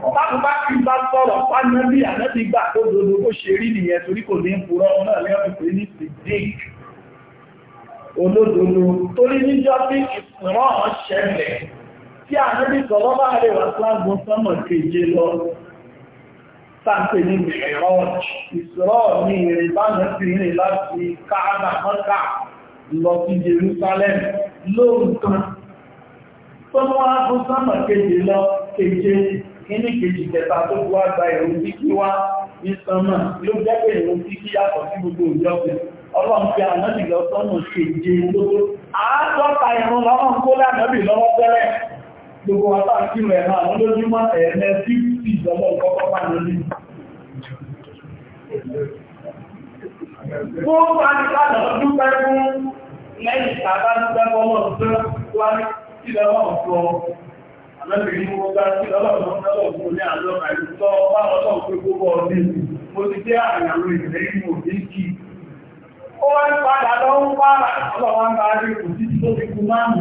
Bábúbá kí bá sọ̀rọ̀ fánàbí ànábí gbà tó dodo bó ṣe rí nìyẹn torí kò ní purọ́ náà ní ọdún pé ní Sidik olódodo torí níjọ́ tí ìsìnrán ṣẹlẹ̀ tí ànábí sọ̀rọ̀ bá rẹ̀ wà sáàgùn sọ́mọ̀ keje lọ sáàpẹ̀ ní ìrọ̀ ìsìnrán ní ìrìn bá náà ti rìn láti káàdà mọ́kà lọ sí Jerusalem lóòótọ́ tó wọ́n á tún sọ́mọ̀ keje lọ keje kíní kejì kẹta tó wá gba ìrùn tí kí wá ní sánmà ló jẹ́ pé ìrùn tí kí yàtọ̀ sí gbogbo ìjọsìn ọlọ́run fi ànábì lọ sọ́nà keje lówó àádọ́ta ìrùn lọ́rùn kó lánàbì lọ́wọ́ tẹ́lẹ̀ gbogbo wa bá kí rẹ̀ máa wọ́n lójúmọ́ ẹ̀ẹ́mẹ́ sí ìjọba ìkọ́kọ́ bá lórí Gbogbo àdìkàdà dúpẹ́ fún lẹ́yìn tàbá dúpẹ́ fọ́mọ̀ tó wá ní ọ̀pọ̀ lọ́bì ní mo bá sí ọlọ́run lọ́wọ́ fún ní àlọ́bà ìlúkọ́ bá ọlọ́run pé gbogbo ọdún mo ti jẹ́ àyàwó ìrìnlẹ̀ ìmò ní kí ó wá ń padà lọ ń pààrà ọlọ́run bá rí kò sí tó fi kú máa mú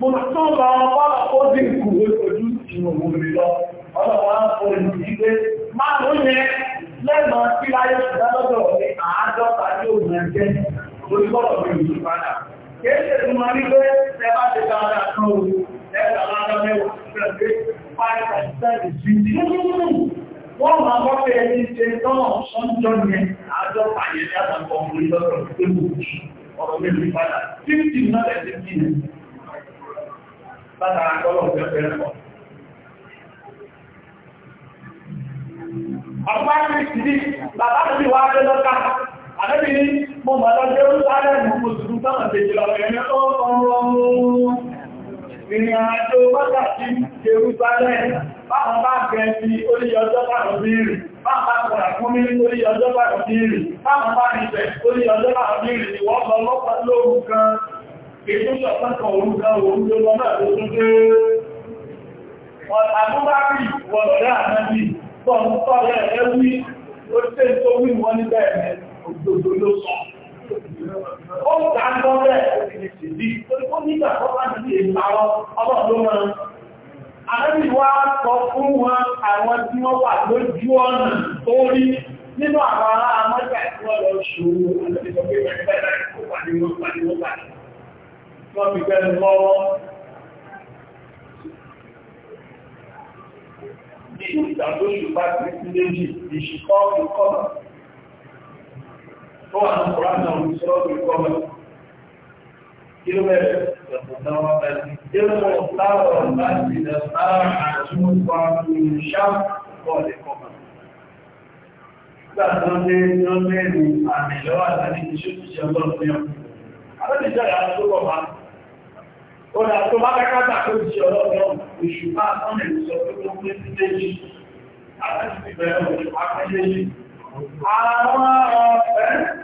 mo tó lọ bọ́lọ̀ ó dì kù ojú ìwòwò mi lọ ọlọ́run á fọ ìdí pé máa ló yẹ lẹ́nà sí láyé ìdálọ́dọ̀ ní àádọ́ta tí ó mẹ́ jẹ́ orí bọ́lọ̀ mi ìlú padà kéèṣe tó máa ní pé ẹ bá ti dáadáa kan òun ẹ̀ẹ́dà ládá mẹ́wàá pẹ̀lú 5 and 7 ìdílúmù wọ́n máa bọ́ pé ẹni ṣe tọ́nà sọ́njọ́ yẹn àjọ pàyẹ̀dá àtàkọ̀ ọmọ ìlọ́sọ̀ tó lù ọ̀rọ̀ mẹ́rin padà 50 náà lẹ́sẹ̀ bí i látara kọ́lọ̀ ọ̀fẹ́fẹ́ rẹ̀ Ọ̀pá ní ìdí, bàbá ti wá dé lọ́ta, àdébì ní mo mọ̀ lọ́jọ́ ó sáré ìmúkòsùn ìrìn àjò wákàtí Jerusalem báwọn bá gẹn ti orí ọjọ́ bàrọ̀ bí rì báwọn bá kọ̀rà fún mi orí ọjọ́ bàrọ̀ bí rì báwọn bá nífẹ̀ kan ìtúnṣọ̀ pẹ́kọ̀ ó gbà ń lọ bẹ́ẹ̀ òfìdí torí ó nígbà tó bá ti lè parọ́ ọlọ́dún wọn àrẹ́bí wá sọ fún wọn àwọn tí wọ́n wà lójú ọ̀nà tó rí nínú àwọn ará amọ́jà tí wọ́n lọ ṣòro àti ìjọba ìgbẹ́gbẹ́ láti kó pàdé wọn pàdé wọn pàdé wọ́n fi gbẹ́nu lọ́wọ́ ní ìgbà tó ṣùgbà tí ó ti léjì ìṣùkọ́ ìkọ́nà هو أن القرآن هو بصراط القمر كيلومتر يوم اختار المسجد الصالح رسول من الشام والقمر Láàrín ní ọdún ẹni àmì ìlọ́wà àti ìṣòṣìṣẹ́ ọlọ́run ní ọdún. Àwọn ìjọ́ ìyá tó bọ̀ máa. Ó dà tó bá kákàtà tó ti ṣe ọlọ́run oṣù máa sọ́nà ìṣọ́ tó tó pé sí léjì. Àwọn ìbẹ̀rẹ̀ oṣù máa pẹ́ léjì. Àwọn ọ̀fẹ́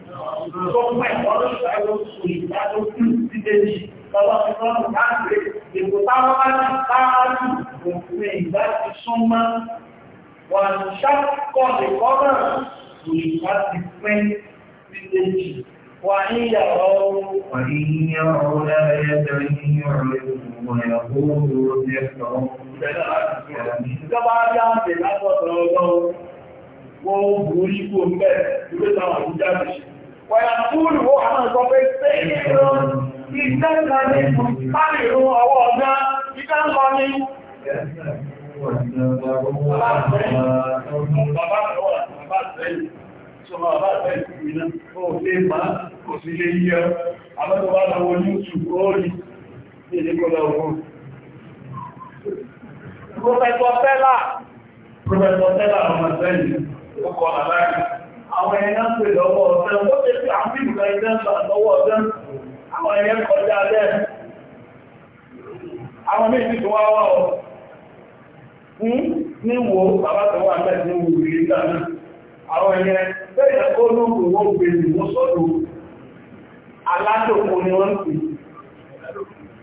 Sọ́kùnmọ́ Ìjọba ajá ń bè látọ̀tọ̀ ọlọ́run, wọ́n borí kó mẹ́ ìwé táwọn àwùjá ti ṣe. Wàyàkúrù ó àwọn ọ̀sọ̀ pé ṣe ìrọ̀ ìjẹ́ta ní márìnrún ọwọ́ ọ̀gá ìjẹ́ ń lọ ní Professor Stella, Professor Stella ọmọ ìsẹ́yìn, ó kọ àláàrí. àwọn ẹ̀yẹn pè lọ́wọ́ ọ̀sán ó ṣe pé àwọn ìbùkà ìdẹ́ǹbà lọ́wọ́ àwọn ẹ̀yẹn kọjá àwọn ọ̀ hmm? wo bàbá tó wà bẹ́ẹ̀ ní náà àwọn ìwọ́n ni wọ́n pè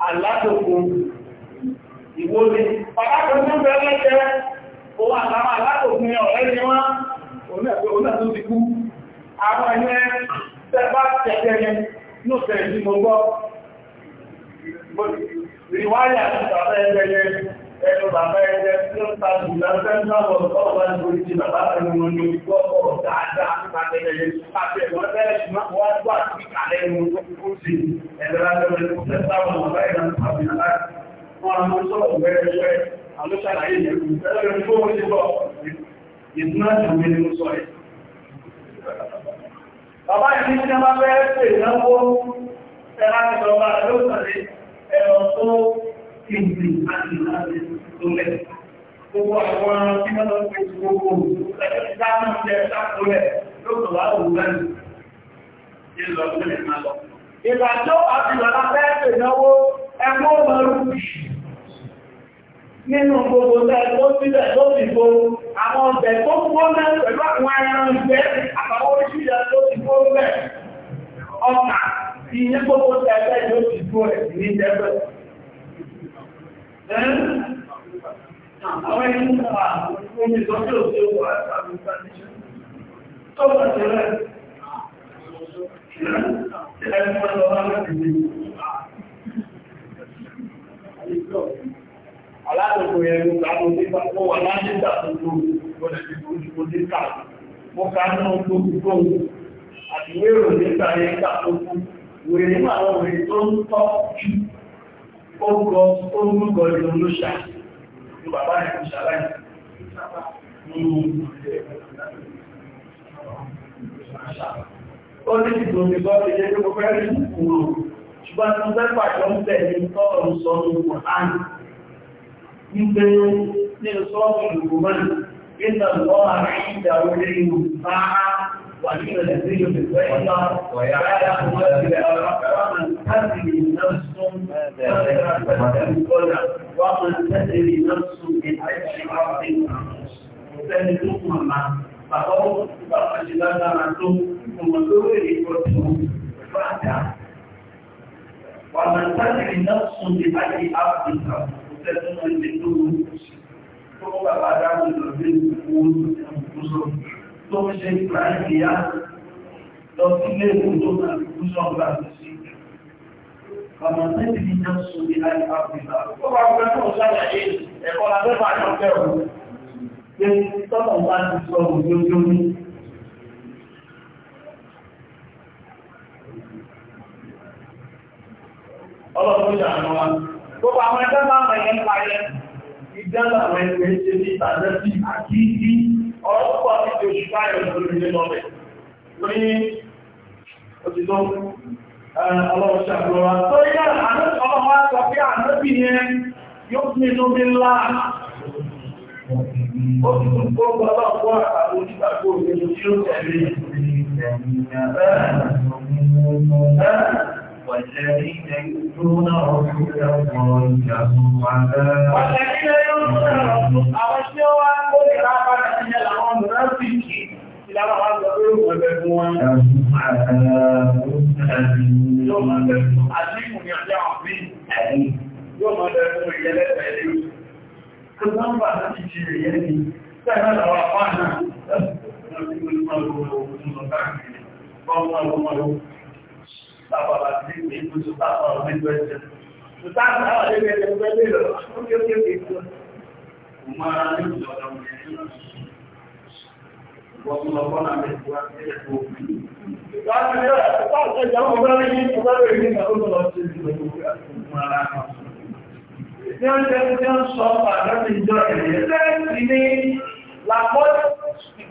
aládòkun ìwọ́n bàbá tó ni wọ́n ọ̀nà tó ti kú àwọn ẹ̀yẹ tẹ́bá tẹ́tẹ́ yẹn ní òfẹ́ ìdí mo gbọ́ ìwáyà ti bàbá ẹgbẹ́ yẹn ẹnu bàbá ẹgbẹ́ tí ó ta jù lásẹ́ ń bá wọn kọ́ wọn ní orí ti bàbá ẹnu wọn ní is not a winning choice. Bàbá ìlú ṣe máa fẹ́ pè náwó ẹ̀rá ìjọba lóòsàlẹ̀ ẹ̀rọ tó ìgbì àti ìlànà tó lẹ̀. Gbogbo àwọn tí wọ́n lọ pè sí gbogbo ẹ̀rọ ìdáná jẹ́ sákòlẹ̀ lóòsàn wà wù lẹ́nu. Ìlọ sílẹ̀ máa lọ. Ìgbà tó àti ìlànà fẹ́ pè náwó ẹgbẹ́ òmìnir nínú gbogbo tẹ́ ló sílẹ̀ ló sì gbogbo àwọn ọbẹ̀ tó gbóná pẹ̀lú àwọn ẹran ìgbẹ́ àtàwọn oríṣìíyà tó ti gbó rẹ̀ ọkà tí ní gbogbo tẹ́ẹ̀ẹ́ yóò ti gbó rẹ̀ sí ní tẹ́ẹ̀ẹ́ Àwọn ẹni ń pa omi ìtọ́jú òṣèlú wà láàrín ìtàdíṣẹ́. Tó látòkò ẹ̀rù láàrín nípa ó wà láti ìdàtòkò gbọ́dẹ̀ ti kò ní ká mọ́ ká náà tó gbogbo àti wérò nípa ẹ̀ ìdàtòkò wèrè nípa àwọn wèrè tó ń tọ́ ju ó gọ ó ń gọ ìlú lóṣà ní bàbá rẹ̀ kò ṣàlàyé ó ní ìdòmí bọ́ ti jẹ́ pé mo fẹ́ rí ìkùnrò ṣùgbọ́n tí mo fẹ́ pàjọ́ ń tẹ̀lé tọ́ọ̀rù sọ́nù nígbé ní sọ́ọ̀tù إن الله عنده علم الساعة وعلم الذين بالبيضة ويعلم مدد ومن تدري نفس ومن تدري نفس من عيش عرض وذلكم ما فقوم فأجلال عنكم ثم توري كتبهم فأتى ومن تدري نفس من عيش عرض tẹ́lẹ̀ mọ́ ilé tó wù tó kọ́ bàbá dáhùn lọ sí owó ìkúsọ tó ń ṣe ìpàdé yá lọ sí ilé ìwò tó náà ìkúsọ gbà sí. Bàbá tẹ́lẹ̀ ní jẹ́ sọ ní láì Áfíríkà. Ó bá pẹ́ fún ṣàlàyé ẹ̀kọ́ abẹ́fà àjọpẹ́ òun. Pé tọ́lọ̀ bá ti sọ òjòjò ní Ọlọ́run ló ṣàánú Gbogbo àwọn ẹgbẹ́ máa mọ̀ yẹn parẹ. Ìdáná àwọn ẹgbẹ́ ṣe ní ìtàjẹ́ sí àkíyí ọ̀rọ̀ púpọ̀ sí ti oṣù káyọ̀ lórí ilé lọ́bẹ̀. Lórí òtítọ́ ọlọ́run ṣàkóra. Tó yẹ́ ọlọ́run wá sọ pé ànábì yẹn yóò fún والذين يؤتون رسولهم لهم عذاب والذين يؤتون رسولهم أرسلوا أقول ربنا إن الأمر نفسك إلى رحمة الله وبكوا لهم عذاب أليم يوم أدفوا أليم يرجع به أليم يوم أدفوا إلى أليم كلهم بعد تجري يعني سهل رفعنا نفسه المرء وجود البحر والله مرء bàbá bàbá ti ní ìlú tó bá wọn ọmọ ẹgbẹ́ ẹsẹ̀ tó bá wọn àwọn ẹgbẹ́ ẹsẹ̀ ẹgbẹ́ ẹgbẹ́ lọ ó kí ó kí ó kí ó mo máa ní ìlú ọ̀dọ́ mi ẹni wọ́n tún lọ bọ́nà mi wá sí ẹ̀kọ́ òfin. Ìgbà tí ó yẹ kó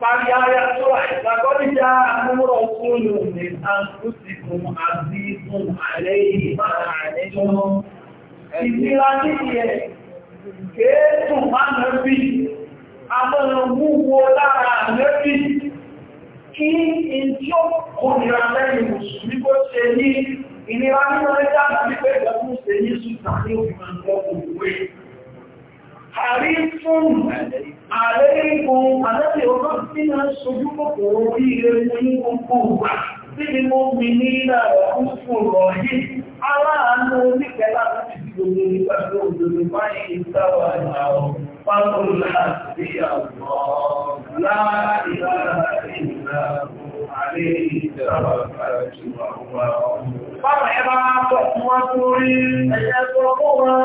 parí ayá tó wà ìgbàgbọ́díjá múrọ̀ kúrò ní àkúsìkún àti ìfún àlẹ́ ìmọ̀ ìnira níbi ẹ̀ kéèkùn máa nẹ́bí amọ́nà múwo lára nẹ́bí kí in tí ó kòrìra lẹ́yìn mùsùlùmí kó ṣe ní ìnira nínú ẹjá àti pé ìgbàkúnṣe ní sùtà ní òfin àjọ òwúwé àrífún àríkùn àdábì ọmọ tí na ṣojú kòkòrò bí ilé ní gbogbo ìgbà tí ni mo mi ní ìlàrà fún ọ̀rọ̀ yìí aláàánú oníkẹ́lá láti fi gbogbo nípa tí ó dòdò báyìí ìtawà àwọn pátọ́lá àti àwọn láàrín عليه تركت وهو Báwọn ẹbá máa pọ̀ fún wọn tó rí ẹ̀yẹ́ tó kó wọn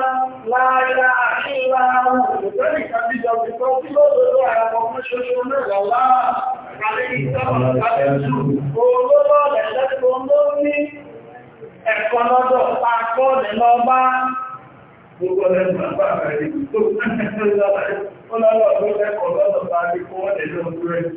láàrín àṣí láàrùn òṣèrè ìkàbíjọ ti tọ́ sí lóòdòdó àwọn ọmọ ṣoṣo náà láàá àrí ìtọ́bọ̀ láti jù. Olóòdó ẹ̀lẹ́gbọ́n ló ní ẹ̀kọ́ lọ́dọ̀ pàkọ́ nínú ọba gbogbo ẹgbẹ̀rún àpá àrẹ̀ ìgbò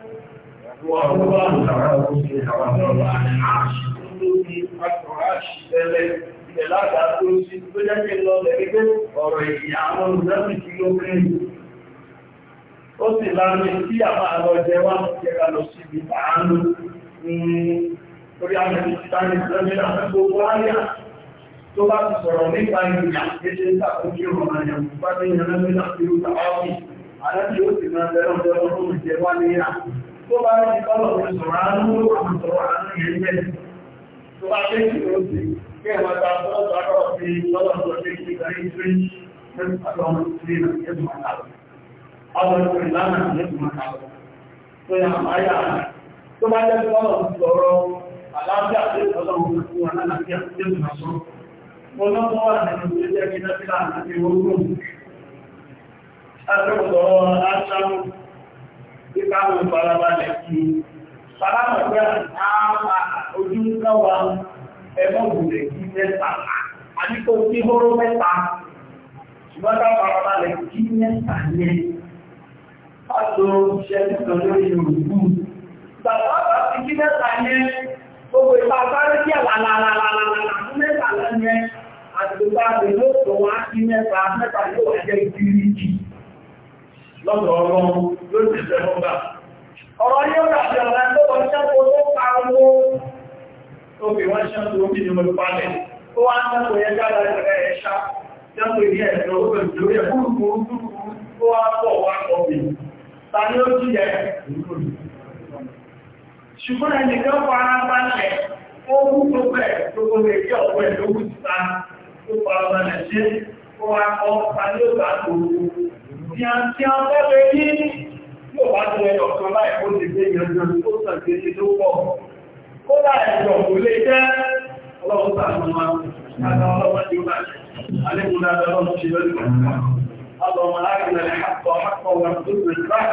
وهو على كل وهو على العرش lórí àkọ̀ráṣì tẹ́lẹ̀ ilẹ̀ látàkó sí tó jẹ́kẹ́ lọ lẹ́gbẹ́ ọ̀rọ̀ ìyà àwọn olùdásí tí ó kéré. Ó sì láàrin tí a máa lọ jẹ wá jẹ́ka lọ sí ibi àánú ní orí àmì ìtàní ìtànílà gbogbo áyà tó bá ti sọ̀rọ̀ nípa ìrìnà kéṣe ìtàkójú ọ̀nà ìyàwó bá ní ìrìnà tó bá ní ìbọ́lọ̀ orí sọ̀rọ̀ àánú àwọn sọ̀rọ̀ àánú yẹn mẹ́ tó bá ṣe kí ó sì kẹwàá ta fọ́lọ́tọ̀ akọ́rọ̀ sí lọ́wọ́ tó ṣe kí ìgbà ní tí àtọ́mọ̀ sí ẹ̀dùn àtàwọn àwọn ìpínlẹ̀ ìlànà ẹ̀dùn àtàwọn tó yà máa yà tó bá jẹ́ fọ́lọ̀ sọ̀rọ̀ àlàáfíà tó sọ̀rọ̀ fún wọn lálàáfíà tó sọ̀rọ̀ sọ̀rọ̀ mo bí káwọn farabalẹ̀ kí farabalẹ̀ àmà ojú káwa ẹmọ́ gùnlẹ̀ kí mẹ́ta àdíkò tí hóró mẹ́ta ṣùgbọ́n ká farabalẹ̀ kí mẹ́ta yẹ pàtó iṣẹ́ nìkan lórí òkú bàbá bàbá kí mẹ́ta yẹ gbogbo ìpa sáré kí àlàlàlàlàlà fún mẹ́ta lẹ́yẹ àti gbogbo àgbẹ̀ yóò tó wá sí mẹ́ta mẹ́ta yóò wá jẹ́ ìdíríkì lọ́dọ̀ yóò ti Ọ̀rọ̀ yóò tó wọ́n ṣẹ́kọ̀ọ́ tó pa owó tó fi wọ́n ṣẹ́kọ̀ọ́ bí ní mọ́lú pálẹ̀. Ó wá ń ṣẹ́kọ̀ọ́ yẹ jára ẹ̀rẹ́ ẹ̀ṣá, ṣẹ́kọ̀ọ́ ilé ẹ̀ṣọ́ ó tó wá pọ̀ wá pọ̀ bì. Ta ni ó ti yẹ? Ṣùgbọ́n ẹnìkan fara balẹ̀, ó kú tó bẹ̀ gbogbo èdè ọ̀pọ̀ ẹ̀ lówù ti ta, ó fara balẹ̀ ṣe, ó wá kọ́ ta Tí a tí a fẹ́fẹ́ ní yóò bá jẹ́ ọ̀kan láì ó ti gbé ìrìnàjò tó sàn sí ní tó pọ̀. Kó láì jọ kò lè jẹ́ ọlọ́run sàmọ́ wa, ṣáàdá ọlọ́run tí ó bá jẹ́. علمنا لهم شبابك اللهم أرنا الحق حقا وارزقنا الصح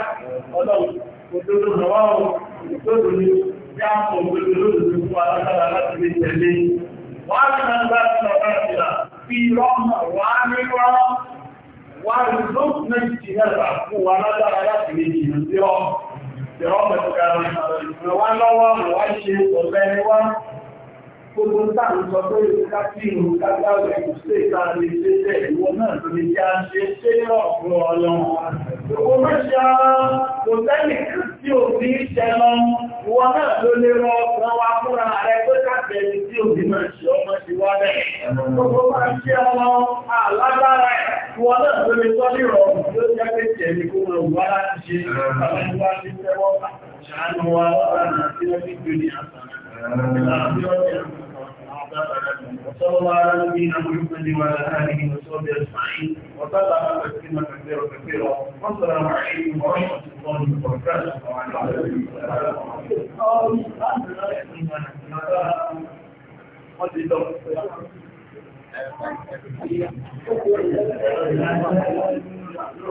اللهم وكل الرواه وكل يعقل بالرزق وأرسل رسل الجليل وأرنا الباطل باطلا في رحمة وعمل wà lóòtún náà ti hẹ́rà fún wa lágbára láti lè jìnà sí ọ́ ìrọ́pẹ̀tọ̀kà rẹ̀ wá lọ́wọ́ wá ṣe ọ̀fẹ́ wá gbogbo táàrùn sọ pé ìrúká tí ìrúká gbáwẹ̀ kò sí ìta lè ṣe tẹ̀ ìwọ náà tó lè jẹ́ ṣe ṣe ọ̀pọ̀ ọlọ́run. Gbogbo mẹ́ṣẹ́ kò tẹ́lì tí ò ní ṣẹ lọ, ìwọ náà ló lè rọ ọkùnrin wa fúnra rẹ pé káàkiri tí ò ní máa ṣe ọmọ ṣe wá bẹ́ẹ̀. Gbogbo mẹ́ṣẹ́ ọmọ alágbára ìwọ náà ló lè sọ ní ìrọ̀rùn tó jẹ́ pé tiẹ̀ kó وفي الآخرة وصلى الله على نبينا محمد وعلى آله وصحبه أجمعين وسلم تسليما كثيرا كثيرا والسلام عليكم ورحمة الله وبركاته وعلى آله وصحبه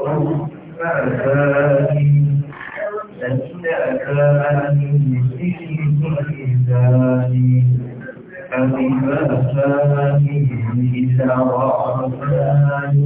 أجمعين الفاتن لئن أتاني مسكين إذاني فبما ثاني إذا رأتاني